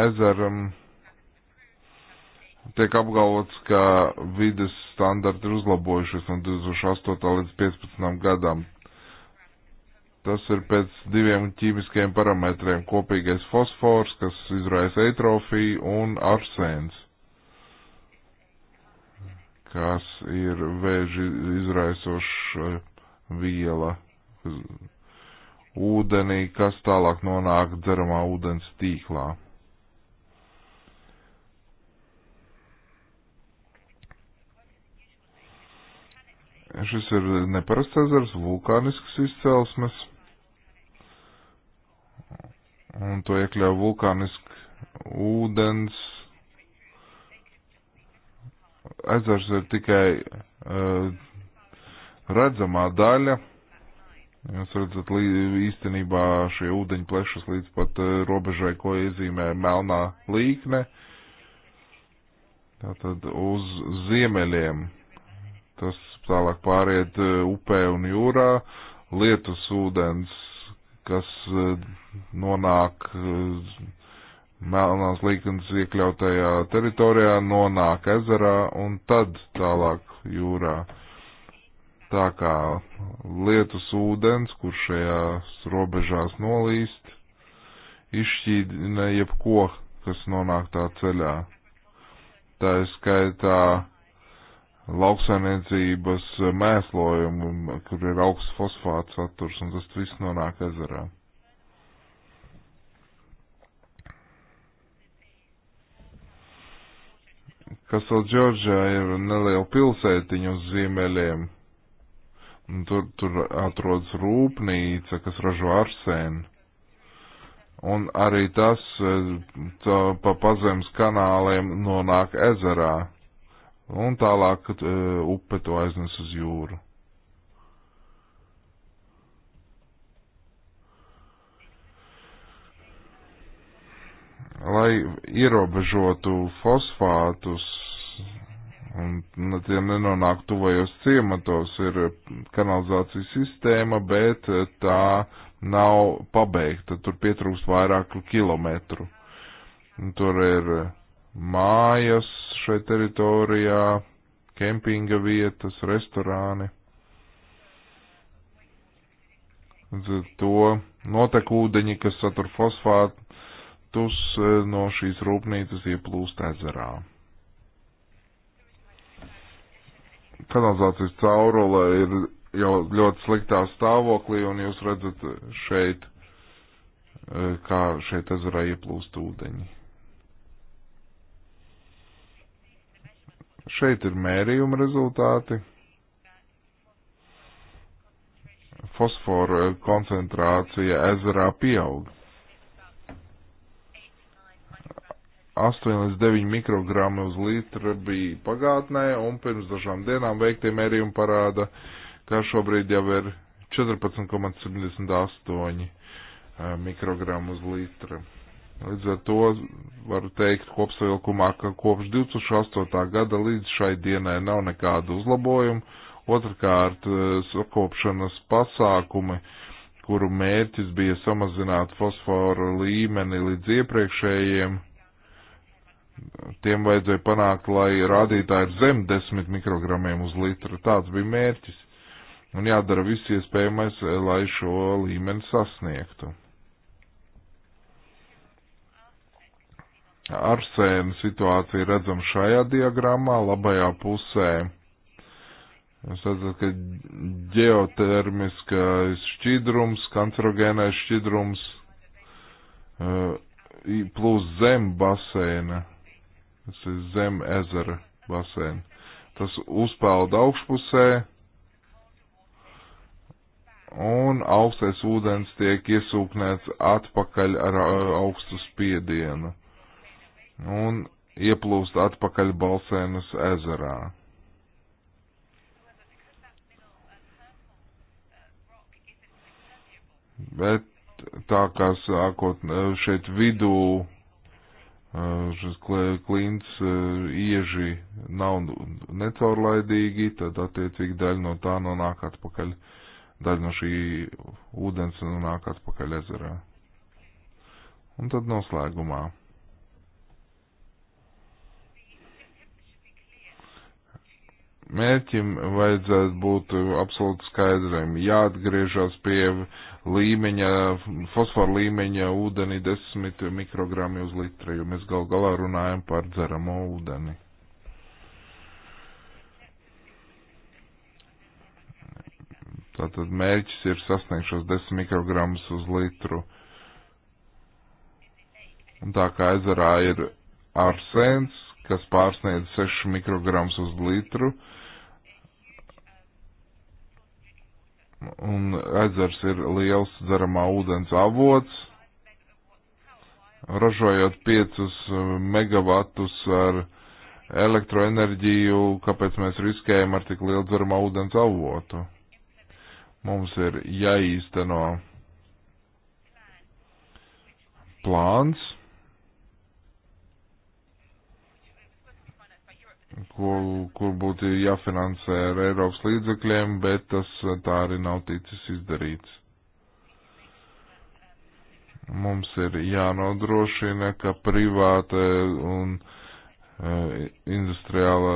ezeram tiek apgalvots, ka vides standarti ir uzlabojušies no 2008. līdz 2015. gadam. Tas ir pēc diviem ķīmiskiem parametriem - kopīgais fosfors, kas izraisa eitrofiju, un arsēns, kas ir vēži izraisoša viela, kas ūdenī, kas tālāk nonāk dzeramā ūdens tīklā. Šis ir neparasts ezers, vulkānisks izcelsmes, un to iekļauj vulkāniski ūdens. Ezers ir tikai uh, redzamā daļa, Jūs redzat, īstenībā šie ūdeņi plešas līdz pat eh, robežai, ko iezīmē melnā līkne. Tātad uz ziemeļiem tas tālāk pāriet eh, upē un jūrā, lietus ūdens, kas eh, nonāk melnās līknes iekļautajā teritorijā, nonāk ezerā un tad tālāk jūrā tā kā lietus ūdens, kur šajās robežās nolīst, izšķīdina jebko, kas nonāk tā ceļā. Tā ir skaitā lauksainiecības mēslojumu, kur ir augsts fosfāts saturs, un tas viss nonāk ezerā. Kas vēl Džordžā ir neliela pilsētiņa uz ziemeļiem, Tur, tur atrodas rūpnīca, kas ražo arsēnu. Un arī tas tā, e, pa pazemes kanāliem nonāk ezerā. Un tālāk uh, upe to aiznes uz jūru. Lai ierobežotu fosfātus, un nu, tie nenonāk tuvajos ciematos, ir kanalizācijas sistēma, bet eh, tā nav pabeigta, tur pietrūkst vairāku kilometru. Un tur ir eh, mājas šai teritorijā, kempinga vietas, restorāni. To notekūdeņi, kas satur fosfātus eh, no šīs rūpnīcas ieplūst ezerā. kanalizācijas caurule ir jau ļoti sliktā stāvoklī, un jūs redzat šeit, e, kā šeit ezerā ieplūst ūdeņi. Šeit ir mērījuma rezultāti. Fosforu koncentrācija ezerā pieauga. 8 līdz 9 mikrogramu uz litru bija pagātnē, un pirms dažām dienām veiktie mērījumi parāda, ka šobrīd jau ir 14,78 eh, mikrogramu uz litru. Līdz ar to varu teikt kopsavilkumā, ka kopš 2008. gada līdz šai dienai nav nekādu uzlabojumu. Otrakārt, eh, sakopšanas pasākumi, kuru mērķis bija samazināt fosforu līmeni līdz iepriekšējiem, tiem vajadzēja panākt, lai rādītāji ir zem 10 mikrogramiem uz litru. Tāds bija mērķis. Un jādara viss iespējamais, lai šo līmeni sasniegtu. Arsēna situācija redzam šajā diagrammā, labajā pusē. Jūs redzat, ka ģeotermiskais šķidrums, kancerogēnais šķidrums uh, plūs zem basēna Tas ir zem ezera basēna. Tas uzpeld augšpusē, un augstais ūdens tiek iesūknēts atpakaļ ar augstu spiedienu un ieplūst atpakaļ Balsēnas ezerā. Bet tā kā sākot e, šeit vidū šis klints ieži nav necaurlaidīgi, tad attiecīgi daļa no tā nonāk atpakaļ, daļa no šī ūdens nonāk atpakaļ ezerā. Un tad noslēgumā. Mērķim vajadzētu būt absolūti skaidriem, jāatgriežas pie līmeņa, fosforu līmeņa ūdeni 10 mikrogrammi uz litru, jo mēs gal galā runājam par dzeramo ūdeni. Tātad mērķis ir sasniegt šos 10 mikrogramus uz litru. Un tā kā ezerā ir arsēns, kas pārsniedz 6 mikrogramus uz litru, uh, un ezers ir liels dzeramā ūdens avots, ražojot 5 uh, megavatus ar elektroenerģiju, kāpēc mēs riskējam ar tik lielu dzeramā ūdens avotu. Mums ir jāīsteno plāns, kur, kur būtu jāfinansē ar Eiropas līdzekļiem, bet tas tā arī nav ticis izdarīts. Mums ir jānodrošina, ka privāta un e, industriāla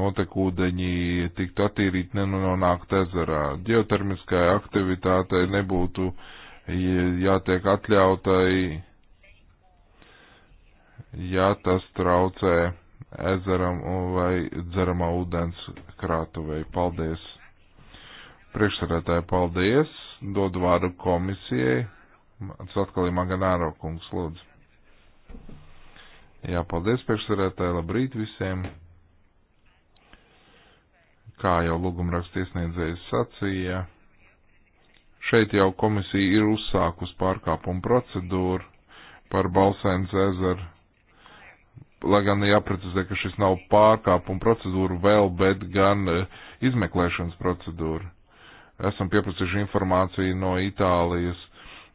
notekūdeņi tiktu attīrīti nenonākt ezerā. Geotermiskai aktivitātei nebūtu e, jātiek atļautai, ja tas traucē ezeram vai dzeramā ūdens krātuvei. Paldies! Priekšsarētāji, paldies! Dod vārdu komisijai. Tas atkal ir Maganāro kungs, lūdzu. Jā, paldies priekšsarētāji, labrīt visiem! Kā jau lūgumraksta iesniedzējs sacīja, šeit jau komisija ir uzsākus pārkāpumu procedūru par Balsēnas ezeru lai gan jāprecizē, ka šis nav pārkāpuma procedūra vēl, bet gan e, izmeklēšanas procedūra. Esam pieprasījuši informāciju no Itālijas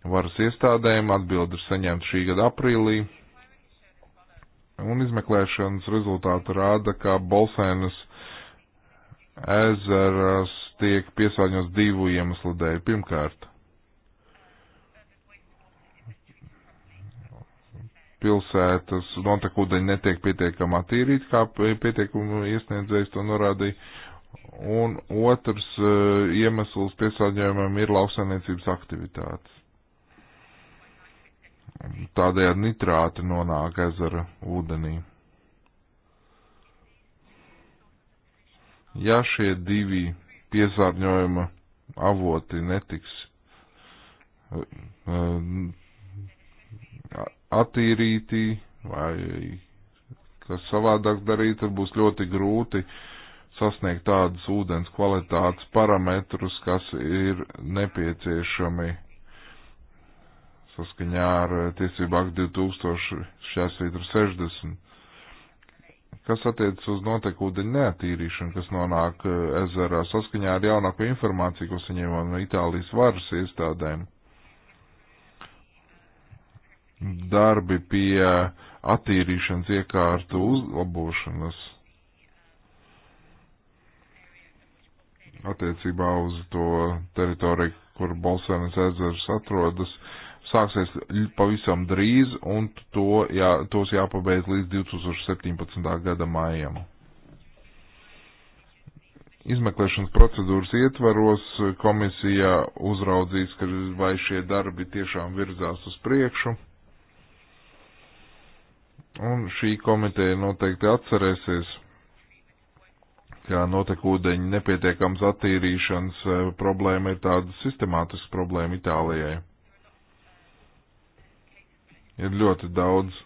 varas iestādēm, atbildi ir saņemta šī gada aprīlī. Un izmeklēšanas rezultāti rāda, ka Bolsēnas ezeras tiek piesāņots divu iemeslu dēļ. Pirmkārt, pilsētas notekūdeņi netiek pietiekami attīrīti, kā pietiekuma iesniedzējs to norādīja. Un otrs eh, iemesls piesārņojumam ir lauksaimniecības aktivitātes. Tādējādi nitrāti nonāk ezera ūdenī. Ja šie divi piesārņojuma avoti netiks eh, attīrīti vai kas savādāk darīt, tad būs ļoti grūti sasniegt tādus ūdens kvalitātes parametrus, kas ir nepieciešami saskaņā ar tiesību aktu 2060. Kas attiecas uz notekūdeņu neatīrīšanu, kas nonāk eh, ezerā saskaņā ar jaunāko informāciju, ko saņēmām no Itālijas varas iestādēm darbi pie attīrīšanas iekārtu uzlabošanas attiecībā uz to teritoriju, kur Bolsēnas ezers atrodas, sāksies pavisam drīz un to, jā, tos jāpabeidz līdz 2017. gada maijam. Izmeklēšanas procedūras ietvaros komisija uzraudzīs, vai šie darbi tiešām virzās uz priekšu Un šī komiteja noteikti atcerēsies, ka notekūdeņu nepietiekams attīrīšanas e, problēma ir tāda sistemātiska problēma Itālijai. Ir ļoti daudz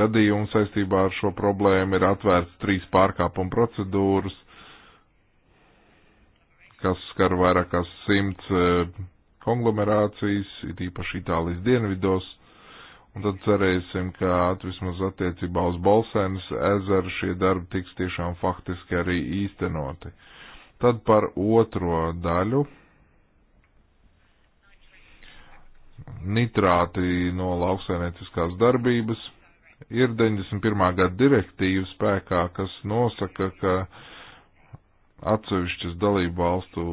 gadījumu saistībā ar šo problēmu, ir atvērts trīs pārkāpuma procedūras, kas skar vairākas simts e, konglomerācijas, it īpaši Itālijas dienvidos. Un tad cerēsim, ka vismaz attiecībā uz Balsēnas ezeru šie darbi tiks tiešām faktiski arī īstenoti. Tad par otro daļu. Nitrāti no lauksainieciskās darbības. Ir 91. gada direktīva spēkā, kas nosaka, ka atsevišķas dalību valstu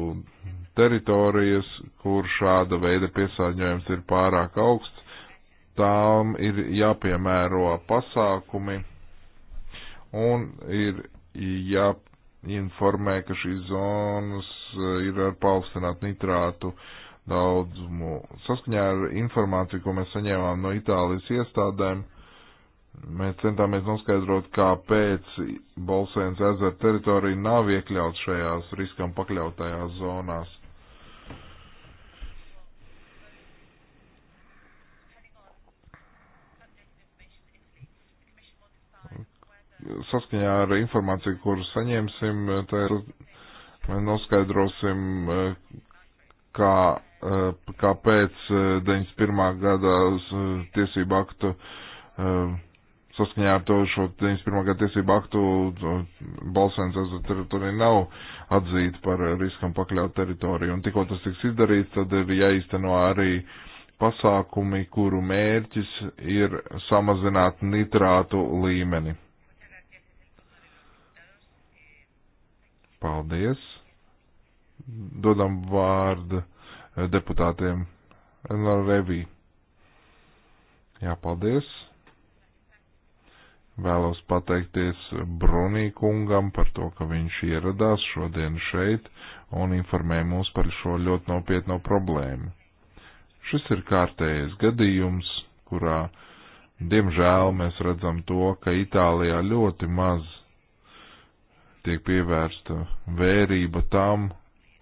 teritorijas, kur šāda veida piesārņojums ir pārāk augsts, tām ir jāpiemēro pasākumi un ir jāinformē, ka šīs zonas eh, ir ar paaugstinātu nitrātu daudzumu. Saskaņā ar informāciju, ko mēs saņēmām no Itālijas iestādēm, mēs centāmies noskaidrot, kāpēc Bolsēnas ezera teritorija nav iekļauts šajās riskam pakļautajās zonās. saskaņā ar informāciju, kuru saņemsim, tad noskaidrosim, e, kā, e, kāpēc 91. E, gada tiesību aktu saskaņā ar to šo 91. gada tiesību aktu Balsēnas teritorija nav atzīta par riskam pakļaut teritoriju. Un tikko tas tiks izdarīts, tad ir jāizteno arī pasākumi, kuru mērķis ir samazināt nitrātu līmeni. Paldies. Dodam vārdu eh, deputātiem. Enlā Revī. Jā, paldies. Vēlos pateikties Brunī kungam par to, ka viņš ieradās šodien šeit un informēja mūs par šo ļoti nopietno problēmu. Šis ir kārtējais gadījums, kurā, diemžēl, mēs redzam to, ka Itālijā ļoti maz tiek pievērsta vērība tam,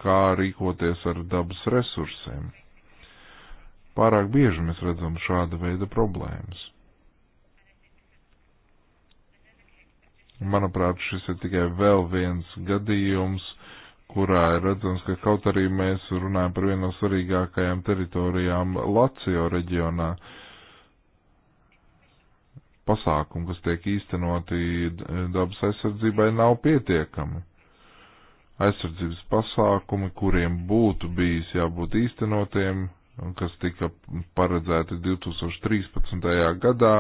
kā rīkoties ar dabas resursiem. Pārāk bieži mēs redzam šāda veida problēmas. Manuprāt, šis ir tikai vēl viens gadījums, kurā ir redzams, ka kaut arī mēs runājam par vienu no svarīgākajām teritorijām Lācijā reģionā, uh, pasākumi, kas tiek īstenoti dabas aizsardzībai, nav pietiekami. Aizsardzības pasākumi, kuriem būtu bijis jābūt īstenotiem, kas tika paredzēti 2013. gadā,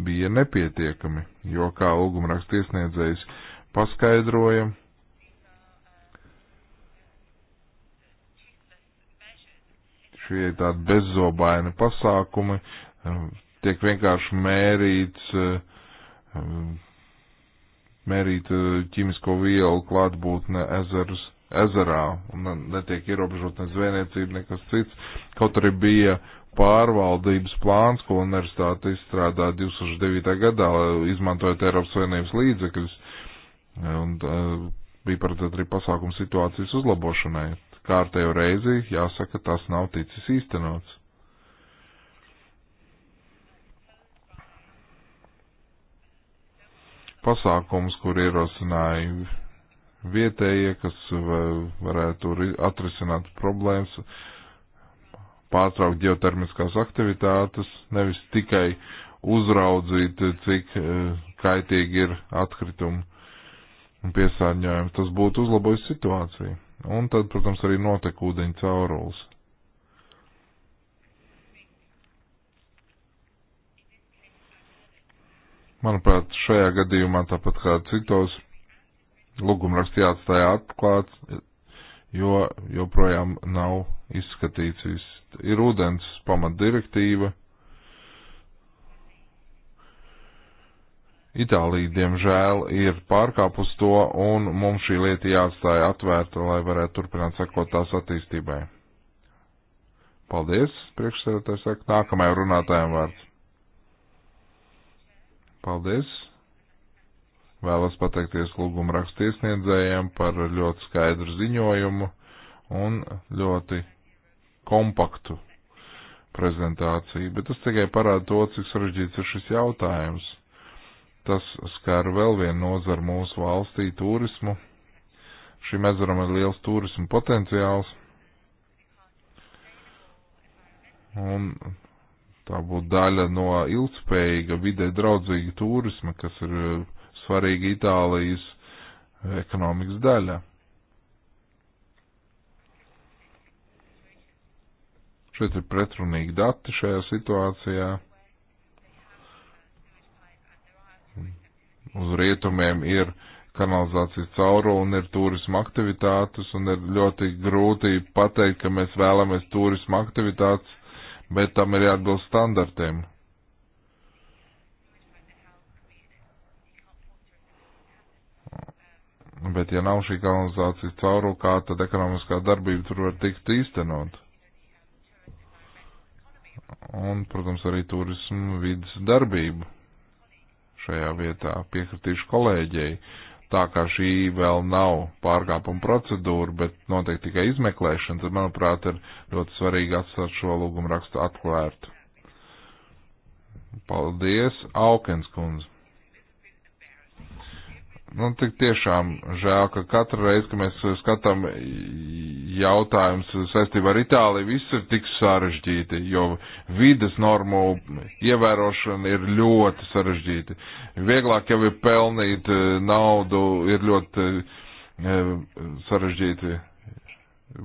bija nepietiekami, jo, kā lūgumraksts iesniedzējs paskaidroja, šie tādi bezzobaini pasākumi, eh, tiek vienkārši mērīts, eh, mērīt eh, ķimisko vielu klātbūtne ezers, ezerā, un netiek ierobežot ne zvejniecība, nekas cits, kaut arī bija pārvaldības plāns, ko universitāte izstrādāja 2009. gadā, izmantojot Eiropas Savienības līdzekļus, un bija paredzēta arī pasākuma situācijas uzlabošanai kārtējo reizi, jāsaka, tas nav ticis īstenots. Pasākums, kur ierosināja vietējie, kas varētu atrisināt problēmas, pārtraukt ģeotermiskās aktivitātes, nevis tikai uzraudzīt, cik e, kaitīgi ir atkritumi un piesārņojumi. Tas būtu uzlabojis situāciju. Un tad, protams, arī notekūdeņu caurules. Manuprāt, šajā gadījumā, tāpat kā citos, lūgumraksts jāatstāja atklāts, jo joprojām nav izskatīts viss. Ir ūdens pamatdirektīva, Itālija, diemžēl, ir pārkāpus to, un mums šī lieta jāatstāja atvērta, lai varētu turpināt sekot tās attīstībai. Paldies, priekšsēdētājs saka, nākamajam runātājam vārds. Paldies. Vēlos pateikties lūguma rakstiesniedzējiem par ļoti skaidru ziņojumu un ļoti kompaktu prezentāciju, bet tas tikai parāda to, cik sarežģīts ir šis jautājums Tas skar vēl vienu nozaru mūsu valstī - turismu. Šim ezeram ir liels turismu potenciāls. Un tā būtu daļa no ilgspējīga, vidē draudzīga turisma, kas ir eh, svarīga Itālijas ekonomikas daļa. Šeit ir pretrunīgi dati šajā situācijā. uz rietumiem ir kanalizācijas cauru un ir turisma aktivitātes, un ir ļoti grūti pateikt, ka mēs vēlamies turisma aktivitātes, bet tam ir jāatbilst standartiem. Bet ja nav šī kanalizācijas caurumu, kā tad ekonomiskā darbība tur var tikt īstenot? Un, protams, arī turismu vidas darbību šajā vietā, piekritīšu kolēģei. Tā kā šī vēl nav pārkāpuma procedūra, bet notiek tikai izmeklēšana, tad, manuprāt, ir ļoti svarīgi atstāt šo lūgumu rakstu atklērtu. Paldies, Aukens kundze! Nu, tik tiešām žēl, ka katru reizi, kad mēs skatām jautājumus saistībā ar Itāliju, viss ir tik sarežģīti, jo vides normu ievērošana ir ļoti sarežģīta. Vieglāk jau ir pelnīt eh, naudu, ir ļoti eh, sarežģīti.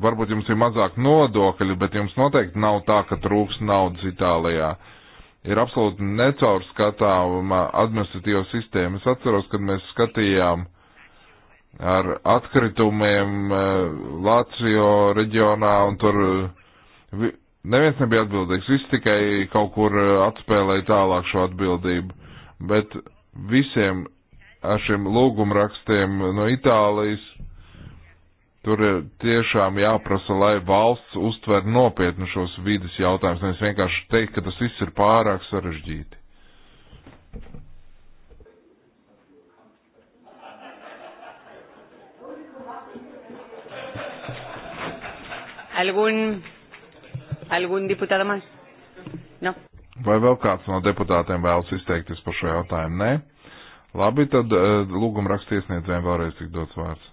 Varbūt jums ir mazāk nodokļi, bet jums noteikti nav tā, ka trūks naudas Itālijā. Uh, ir absolūti necaurskatāma administratīva sistēma. Es atceros, kad mēs skatījām ar atkritumiem eh, Lācijo reģionā un tur eh, neviens nebija atbildīgs. Viss tikai kaut kur eh, atspēlēja tālāk šo atbildību. Bet visiem ar šiem lūgumrakstiem no Itālijas Tur ir tiešām jāprasa, lai valsts uztver nopietnu šos vidas jautājumus, nevis vienkārši teikt, ka tas viss ir pārāk sarežģīti. ¿Algún, algún diputado más? No. Vai vēl kāds no deputātiem vēlas izteikties par šo jautājumu? Nē. Labi, tad eh, lūgum rakstiesniedzējiem vēlreiz tik dots vārds.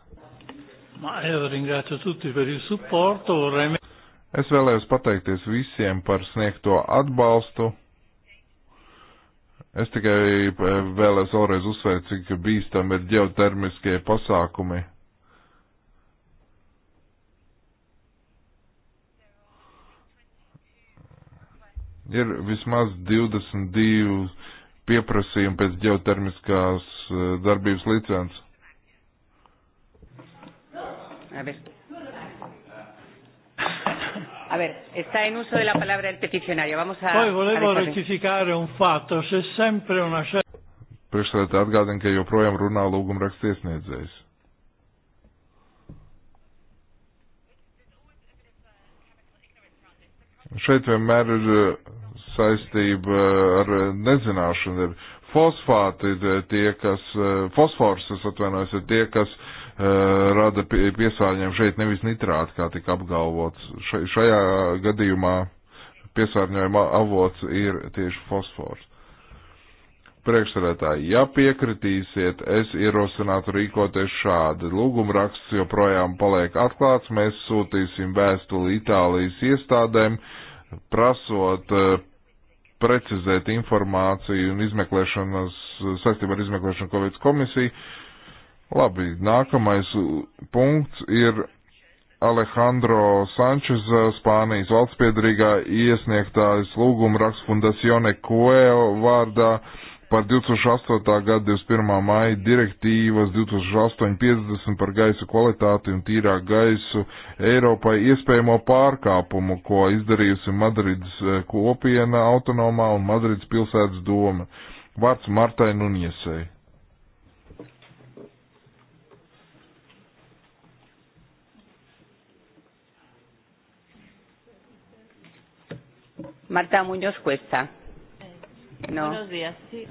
Ma io ringrazio tutti per il supporto, vorrei... Es vēlējos pateikties visiem par sniegto atbalstu. Es tikai eh, vēlēs vēlreiz uzsvērt, cik bīstam ir ģeotermiskie pasākumi. Ir vismaz 22 pieprasījumi pēc ģeotermiskās eh, darbības licences. A ver. A ver, sta in uso della parola il petizionario. Vamos a Poi volevo a rettificare un fatto, c'è sempre una scelta. Priekšsēdētāji atgādina, ka joprojām runā lūguma rakstiesniedzējs. Šeit vienmēr ir saistība ar nezināšanu. Ir fosfāti ir eh, tie, kas, eh, fosfors, es atvainojos, ir tie, kas uh, Eh, rada piesārņojumu šeit nevis nitrāti, kā tika apgalvots. Šajā gadījumā piesārņojuma avots ir tieši fosfors. Priekšsēdētāji, ja piekritīsiet, es ierosinātu rīkoties šādi. Lūgumraksts joprojām paliek atklāts, mēs sūtīsim vēstuli Itālijas iestādēm, prasot eh, precizēt informāciju un izmeklēšanas, saistībā ar izmeklēšanu Covid komisiju, Labi, nākamais uh, punkts ir Alejandro Sančes, uh, Spānijas valstspiedrīgā iesniegtājs lūguma raksts Fundacione Coeo vārdā par 2008. gada 21. maija direktīvas 2850 par gaisa kvalitāti un tīrā gaisu Eiropai iespējamo pārkāpumu, ko izdarījusi Madrids uh, kopiena autonomā un Madrids pilsētas doma. Vārds Martai Nuniesei. Marta Muñoz Cuesta. Eh, no. Buenos días, sí.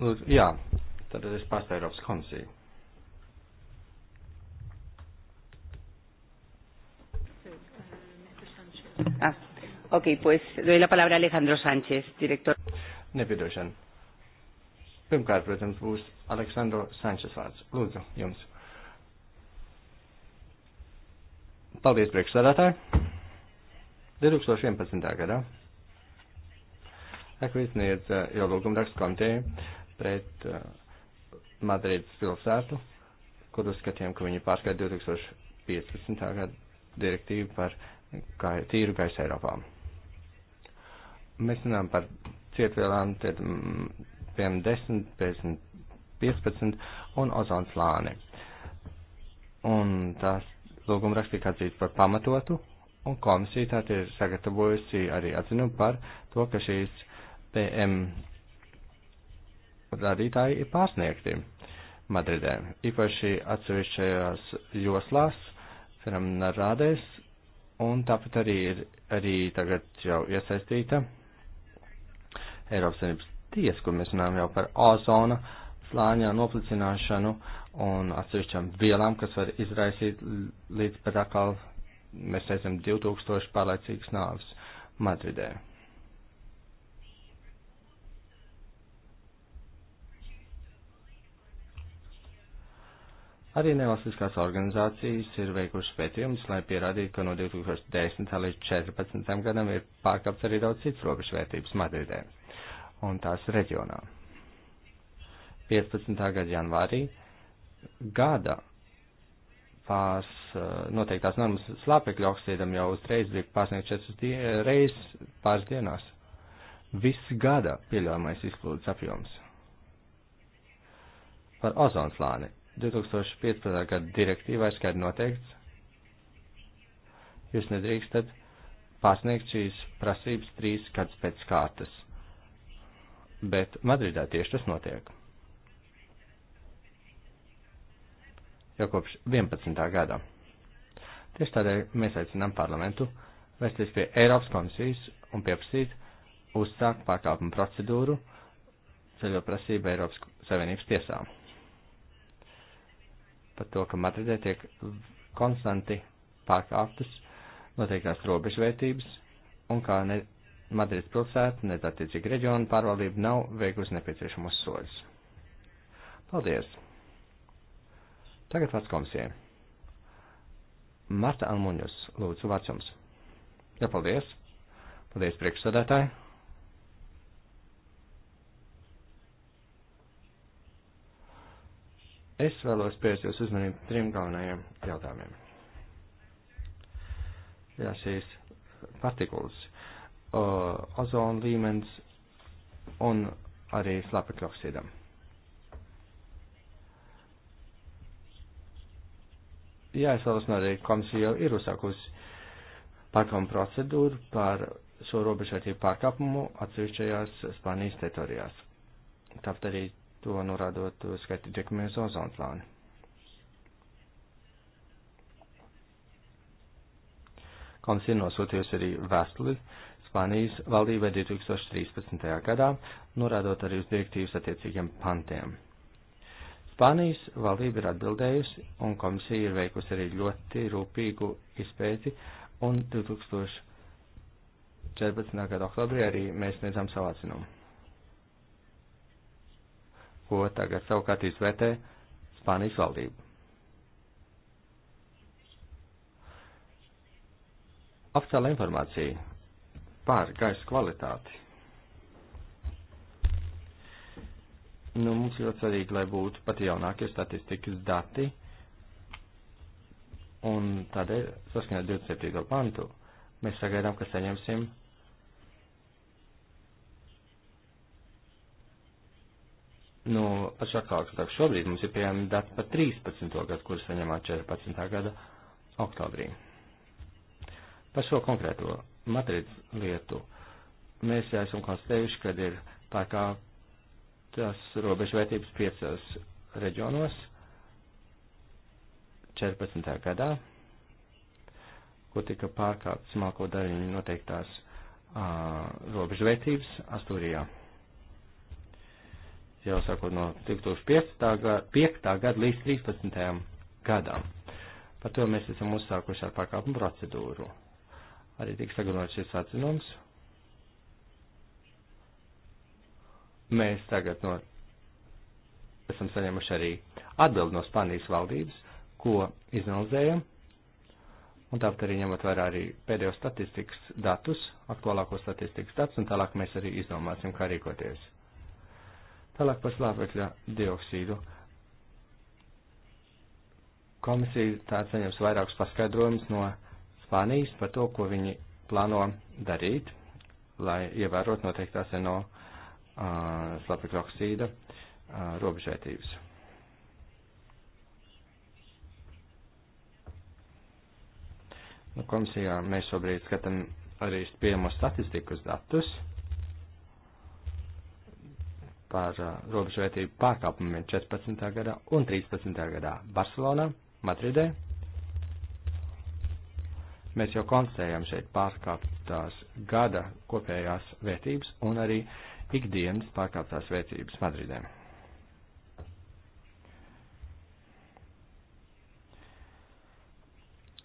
Lūdzu, jā, tad es pārstāju Eiropas komisiju. Ah, ok, pues doy la palabra a Alejandro Sánchez, director. Nepiedošana. Pirmkārt, protams, būs Aleksandro Sančes vārds. Lūdzu, jums. Paldies, priekšsādātāji! 2011. gadā Eku izniedz ielūgumrakstu eh, komiteju pret uh, eh, Madrīdas pilsētu, kur uzskatījām, ka viņi pārskait 2015. gada direktīvu par gai, tīru gaisu Eiropā. Mēs runājam par cietvielām, tad mm, piemēram 10, 50, 15 un ozonslāni. Un tas lūguma rakstīt atzīst par pamatotu, un komisija tā ir sagatavojusi arī atzinu par to, ka šīs PM radītāji ir pārsniegti Madridē. Īpaši atsevišķajās joslās, piemēram, rādēs, un tāpat arī ir arī tagad jau iesaistīta Eiropas Savienības tiesa, kur mēs runājam jau par ozona slāņā noplicināšanu un atsevišķām vielām, kas var izraisīt līdz pat atkal, mēs teicam, 2000 pārlaicīgas nāvis Madridē. Arī nevalstiskās organizācijas ir veikušas pētījumus, lai pierādītu, ka no 2010. līdz 2014. gadam ir pārkāpts arī daudz citas robežvērtības Madridē un tās reģionā. 15. gada janvārī gada pārs eh, noteiktās normas slāpekļa oksīdam jau uzreiz bija pārsniegt četras die, reizes pāris dienās. Viss gada pieļaujamais izplūdes apjoms. Par ozonslāni 2015. gada direktīvā ir skaidri noteikts. Jūs nedrīkstat pārsniegt šīs prasības trīs gadus pēc kārtas. Bet Madridā tieši tas notiek. jau kopš 11. gadā. Tieši tādēļ mēs aicinām parlamentu vērsties pie Eiropas komisijas un pieprasīt uzsākt pārkāpumu procedūru ceļot prasību Eiropas Savienības tiesām. Par to, ka Madridē tiek konstanti pārkāptas noteiktās robežvērtības un kā ne Madrids pilsēta, ne attiecīgi reģiona pārvaldība nav veikusi nepieciešamos soļus. Paldies! Tagad vārds komisijai. Marta Almuņus, lūdzu, vārds jums. Jā, paldies. Paldies, priekšsādātāji. Es vēlos pievērst jūsu uzmanību trim galvenajiem jautājumiem. Jā, šīs partikulas, ozona līmenis un arī slāpekļu oksidam. Jā, es vēlos norādīt, komisija jau ir uzsākusi pārkāpumu procedūru par šo robežvērtību pārkāpumu atsevišķajās Spānijas teritorijās. Tāpat arī to norādot skaitīt dokumentus ozonas lāni. Komisija nosūtījusi arī vēstuli Spānijas valdībai 2013. gadā, norādot arī uz direktīvas attiecīgiem pantiem. Spānijas valdība ir atbildējusi, un komisija ir veikusi arī ļoti rūpīgu izpēti, un 2014. gada oktobrī arī mēs sniedzām savu atzinumu, ko tagad savukārt izvērtē Spānijas valdība. Oficiāla informācija par gaisa kvalitāti Nu, mums ļoti svarīgi, lai būtu pat jaunākie statistikas dati, un tādēļ saskaņā 27. pantu mēs sagaidām, ka saņemsim nu, atšakāks. Tā šobrīd mums ir pieejami dati par 13. gadu, kurus saņemāt 14. gada oktobrī. Par šo konkrēto Madrids lietu mēs esam konstatējuši, ka ir pārkāp tās robežvērtības piecās reģionos 14. gadā, kur tika pārkāpt smalko daļiņu noteiktās uh, robežvērtības Astūrijā. Jau sākot no 2005. gada līdz 13. gadam. Par to mēs esam uzsākuši ar pārkāpumu procedūru. Arī tika sagunot šis atzinums Mēs tagad no, esam saņēmuši arī atbildi no Spānijas valdības, ko izanalizējam, un tāpat arī ņemot vērā arī pēdējo statistikas datus, aktuālāko statistikas datus, un tālāk mēs arī izdomāsim, kā rīkoties. Tālāk par slāpekļa dioksīdu. Komisija tāds saņems vairākus paskaidrojumus no Spānijas par to, ko viņi plāno darīt, lai ievērot noteiktās NO slapekļa oksīda robežētības. Nu, komisijā mēs šobrīd skatām arī pieejamos statistikas datus par uh, robežvērtību pārkāpumiem 14. gadā un 13. gadā Barcelonā, Madridē. Mēs jau konstatējam šeit pārkāptās gada kopējās vērtības un arī uh, ikdienas pārkāptās vērtības Madridē.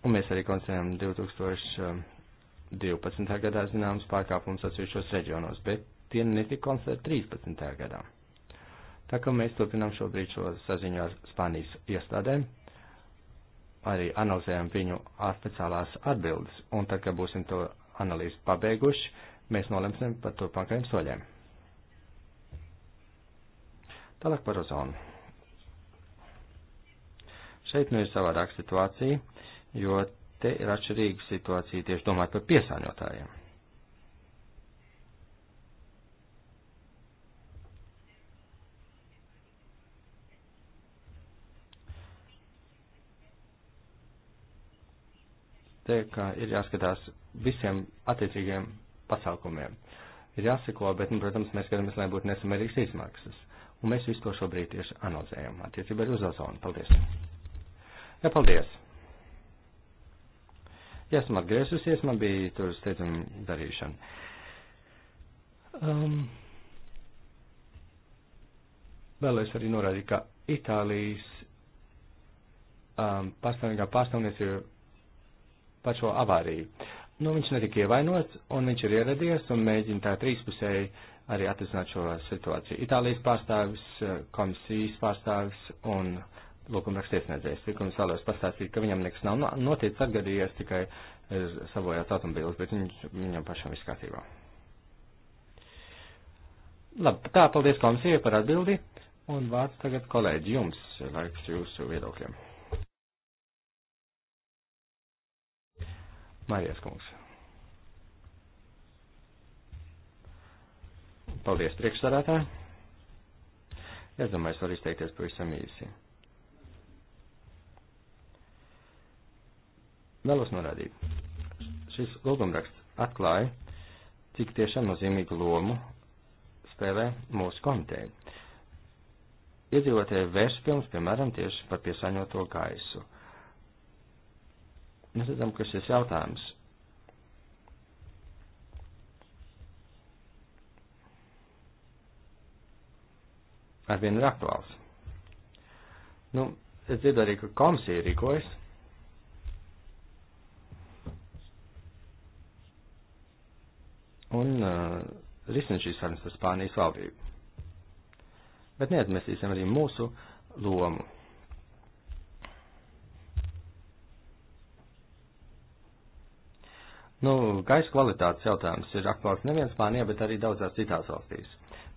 Un mēs arī konstatējam 2012. gadā zināmas pārkāpumus atsevišķos reģionos, bet tie netika konstatēti 13. gadā. Tā kā mēs turpinām šobrīd šo saziņu ar Spānijas iestādēm, arī analizējam viņu oficiālās atbildes, un tad, kad būsim to analīzi pabeiguši, mēs nolemsim par turpmākajiem soļiem. Tālāk par ozonu. Šeit nu ir savādāk situācija, jo te ir atšķirīga situācija tieši domājot par piesāņotājiem. Te, ka ir jāskatās visiem attiecīgiem pasākumiem. Ir jāseko, bet, nu, protams, mēs skatāmies, lai būtu nesamērīgas izmaksas. Un mēs visu to šobrīd tieši analizējam attiecībā uz ozonu. Paldies! Jā, paldies! Ja esmu atgriezusies, man bija tur steidzami darīšana. Um, vēlēs arī norādīt, ka Itālijas um, pastāvīgā pārstāvniecība par šo avāriju. Nu, viņš netika ievainots, un viņš ir ieradies un mēģina tā trīspusēji arī atrisināt šo situāciju. Itālijas pārstāvis, eh, komisijas pārstāvis un lūkumrakstiesniedzējs. Likums vēlos pastāstīt, ka viņam nekas nav noticis atgadījies, tikai ir eh, savojāts automobīlis, bet viņš, viņam pašam viss kārtībā. Labi, tā, paldies komisijai par atbildi. Un vārds tagad kolēģi jums, laiks jūsu viedokļiem. Marijas kungs. Paldies, priekšsādātāji. Es domāju, es varu izteikties pavisam īsi. Vēlos norādīt. Šis lūgumraksts atklāja, cik tiešām nozīmīgu lomu spēlē mūsu komiteja. Iedzīvotāji vērš pie mums, piemēram, tieši par piesaņoto gaisu. Mēs redzam, ka šis jautājums arvien ir aktuāls. Nu, es dzirdu arī, ka komisija rīkojas. Un uh, risina šīs sarunas ar Spānijas valdību. Bet neatmesīsim arī mūsu lomu. Nu, gaisa kvalitātes jautājums ir aktuāls nevien Spānijā, bet arī daudzās citās valstīs.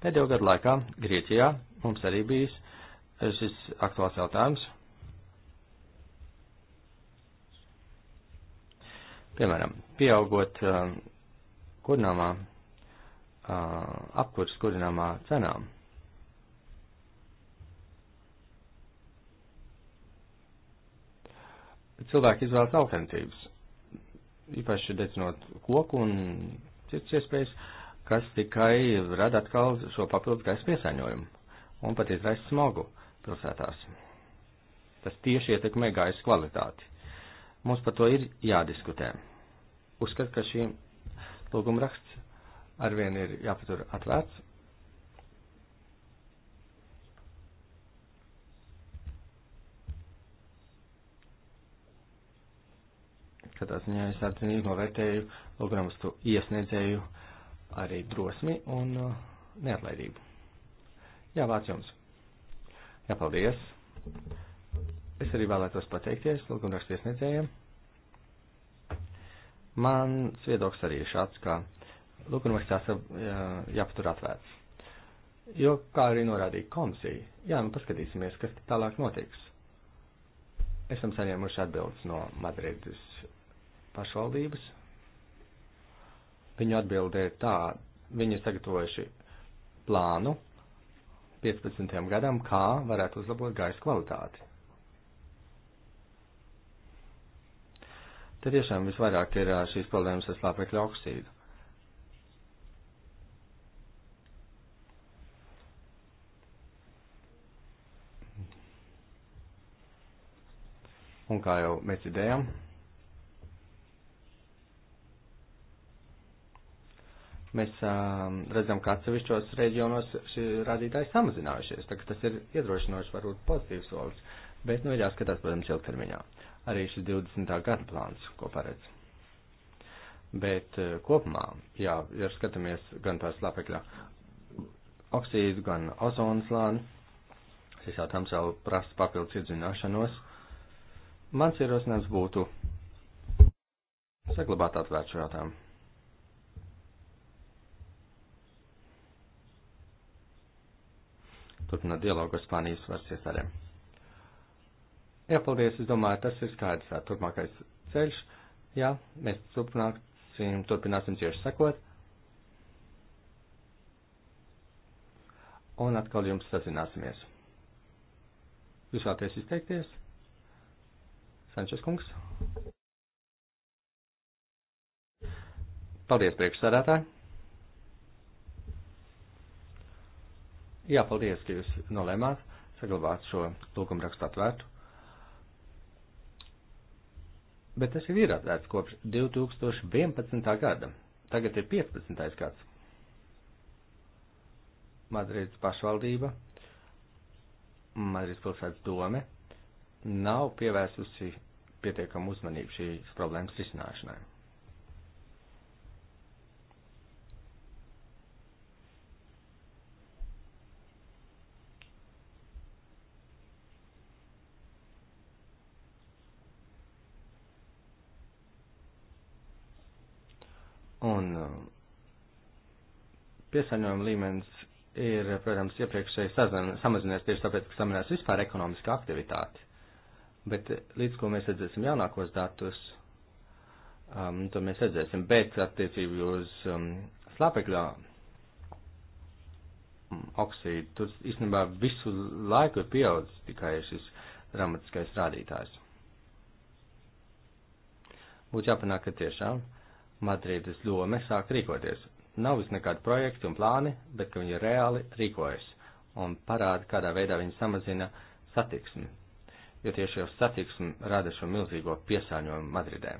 Pēdējo gadu laikā Grieķijā mums arī bijis eh, šis aktuāls jautājums. Piemēram, pieaugot um, kurināmā, uh, apkurs kurināmā cenām. Cilvēki izvēlas alternatīvas, īpaši dedzinot koku un citas iespējas. Uh, kas tikai rada atkal šo papildus gaisa piesāņojumu un pat izraisa smogu pilsētās. Tas tieši ietekmē gaisa kvalitāti. Mums par to ir jādiskutē. Uzskat, ka šī lūguma raksts arvien ir jāpatur atvērts. Katrā ziņā es atzinīgi novērtēju lūgumrakstu iesniedzēju arī drosmi un uh, neatlaidību. Jā, vārds jums. Jā, paldies. Es arī vēlētos pateikties lūgumrakstiesniedzējiem. Mans viedoklis arī ir šāds, ka lūgumraksts jāsab jāpatur atvērts. Jo, kā arī norādīja komisija, jā, nu paskatīsimies, kas tālāk notiks. Esam saņēmuši atbildes no Madrides pašvaldības, Viņa atbilde ir tā, viņi ir sagatavojuši plānu 15. gadam, kā varētu uzlabot gaisa kvalitāti. Te tiešām visvairāk ir šīs problēmas ar slāpekļa oksīdu. Un kā jau mēs dzirdējām, Mēs um, redzam, ka atsevišķos reģionos šī rādītāja samazinājušies, tā ka tas ir iedrošinoši, varbūt pozitīvs solis, bet, nu, ir jāskatās, protams, ilgtermiņā. Arī šis 20. gada plāns, ko paredz. Bet uh, kopumā, jā, ja skatāmies gan par slāpekļa oksīdu, gan ozonu slāni, šis jautājums jau prasa papildus iedzināšanos. Mans ierosinājums būtu saglabāt atvērtu jautājumu. turpināt dialogu ar Spānijas varas iestādēm. Jā, paldies, es domāju, tas ir skaidrs tā turpmākais ceļš. Jā, mēs turpināsim, turpināsim cieši sekot. Un atkal jums sazināsimies. Jūs vēlaties izteikties? Sančes kungs. Paldies, priekšsādātāji. Jā, paldies, ka jūs nolēmāt saglabāt šo lūgumu rakstu atvērtu. Bet tas jau ir atvērts kopš 2011. gada. Tagad ir 15. gads. Madrids pašvaldība, Madrids pilsētas dome nav pievērsusi pietiekamu uzmanību šīs problēmas risināšanai. Un uh, piesaņojuma līmenis ir, protams, iepriekšēji samazinājies tieši tāpēc, ka samazinās vispār ekonomiska aktivitāte. Bet uh, līdz ko mēs redzēsim jaunākos datus, um, to mēs redzēsim. Bet attiecību uz um, slāpekļa mm, oksīdu, tur īstenībā visu laiku ir pieaudzis tikai šis dramatiskais rādītājs. Būtu jāpanāk, ka tiešām. Ja? Madrīdas doma sāk rīkoties. Nav vis nekādi projekti un plāni, bet ka viņi reāli rīkojas un parāda, kādā veidā viņi samazina satiksmi, jo tieši jau satiksmi rada šo milzīgo piesāņojumu Madridē.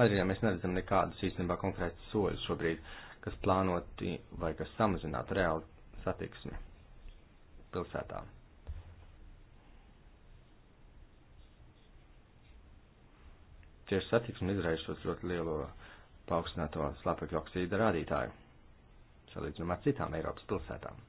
Madridē mēs neredzam nekādus īstenībā konkrētus soļus šobrīd, kas plānoti vai kas samazinātu reāli satiksmi pilsētām. tieši satiksmi izraisa šo ļoti lielo paaugstināto slāpekļu oksīda rādītāju, salīdzinām ar citām Eiropas pilsētām.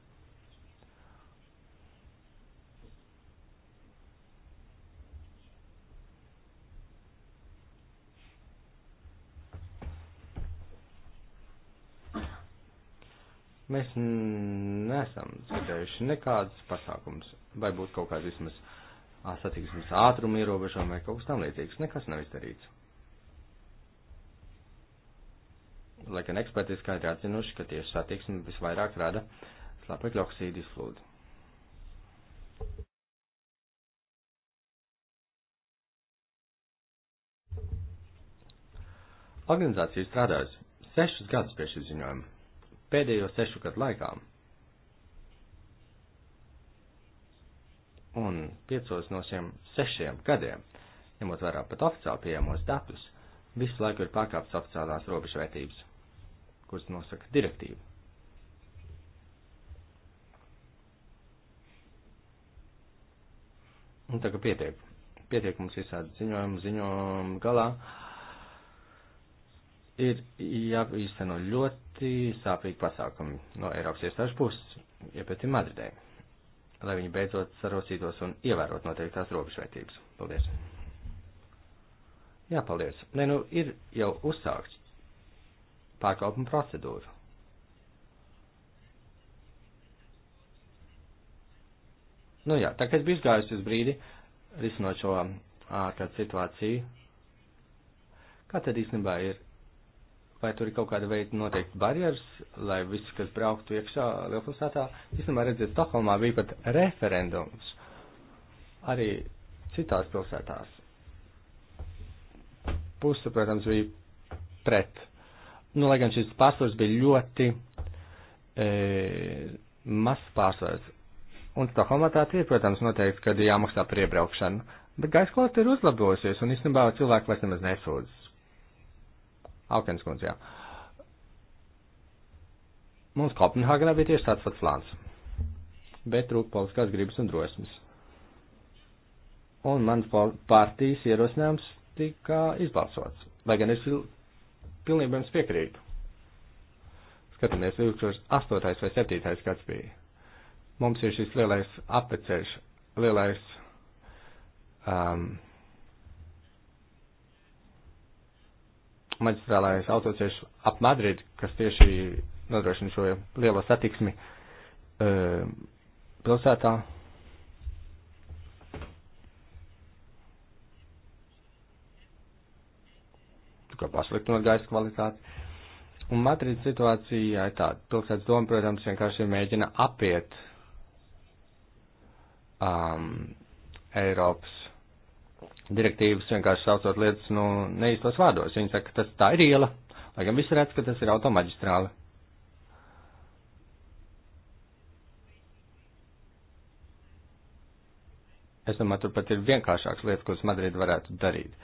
mēs nesam dzirdējuši nekādus pasākumus, vai būtu kaut kāds vismaz satiksmes ātrumu ierobežojumu vai kaut kas tam līdzīgs. Nekas nav izdarīts. Lai gan eksperti skaidri atzinuši, ka tieši satiksme visvairāk rada slāpekļa oksīdu izplūdu. Organizācija strādājusi sešus gadus pie šī ziņojuma. Pēdējo sešu gadu laikā un piecos no šiem sešiem gadiem, ņemot vērā pat oficiāli pieejamos datus, visu laiku ir pārkāptas oficiālās robežvērtības, kuras nosaka direktīva. Un tagad pietiek. Pietiek mums visādi ziņojumi, ziņojumi galā. Ir jāīsteno ļoti sāpīgi pasākumi no Eiropas iestāžu puses, iepēti Madridē lai viņi beidzot sarosītos un ievērot noteiktās robežvērtības. Paldies! Jā, paldies! Nē, nu ir jau uzsākts pārkāpuma procedūra. Nu jā, tā kā es biju izgājusi uz brīdi, risinot šo ārkārtas situāciju, kā tad īstenībā ir vai tur ir kaut kāda veida noteikti barjeras, lai visi, kas brauktu iekšā lielpilsētā, īstenībā redziet, Stokholmā bija pat referendums arī citās pilsētās. Puse, protams, bija pret. Nu, lai gan šis pārsvars bija ļoti e, mazs pārsvars. Un Stokholmā tā ir, protams, noteikti, kad ir jāmaksā par iebraukšanu. Bet gaisa kvalitāte ir uzlabojusies, un īstenībā cilvēki vairs nemaz nesūdzas. Aukens kundze, jā. Mums Kopenhāgenā bija tieši tāds pats plāns, bet trūk politiskās gribas un drosmes. Un mans partijas ierosinājums tika izbalsots, lai gan es pilnībā jums piekrītu. Skatāmies, 2008. vai 2007. gads bija. Mums ir šis lielais apceļš, lielais um, maģistrālais autoceļš ap Madridi, kas tieši nodrošina šo lielo satiksmi uh, pilsētā. Kā pasliktinot gaisa kvalitāti. Un Madrides situācija ir tāda. Pilsētas doma, protams, vienkārši mēģina apiet um, Eiropas direktīvas vienkārši saucot lietas, nu, neīstos vārdos. Viņi saka, ka tas tā ir iela, lai gan visi redz, ka tas ir automaģistrāla. Es domāju, tur pat ir vienkāršāks lietas, kuras Madrida varētu darīt.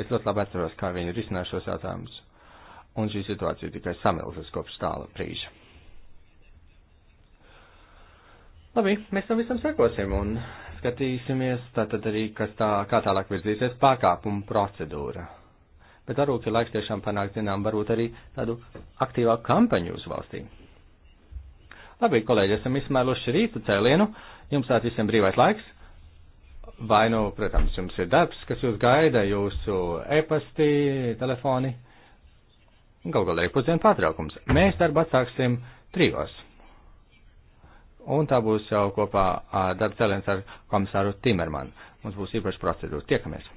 Es ļoti labi atceros, kā viņi risināja šos jautājumus. Un šī situācija tikai samilzas kopš tāla brīža. Labi, mēs tam visam sekosim un skatīsimies tātad arī, kas tā, kā tālāk virzīsies pārkāpuma procedūra. Bet varbūt ir laiks tiešām panākt, zinām, varbūt arī tādu aktīvāku kampaņu uz valstī. Labi, kolēģi, esam izsmēluši rīta cēlienu, jums tāds visiem brīvais laiks. Vai nu, protams, jums ir darbs, kas jūs gaida, jūsu e-pasti, telefoni. Galu galā ir pusdienu pārtraukums. Mēs darbu atsāksim trijos. Un tā būs jau kopā darba cēlēns ar komisāru Timermanu. Mums būs īpaša procedūra. Tiekamies!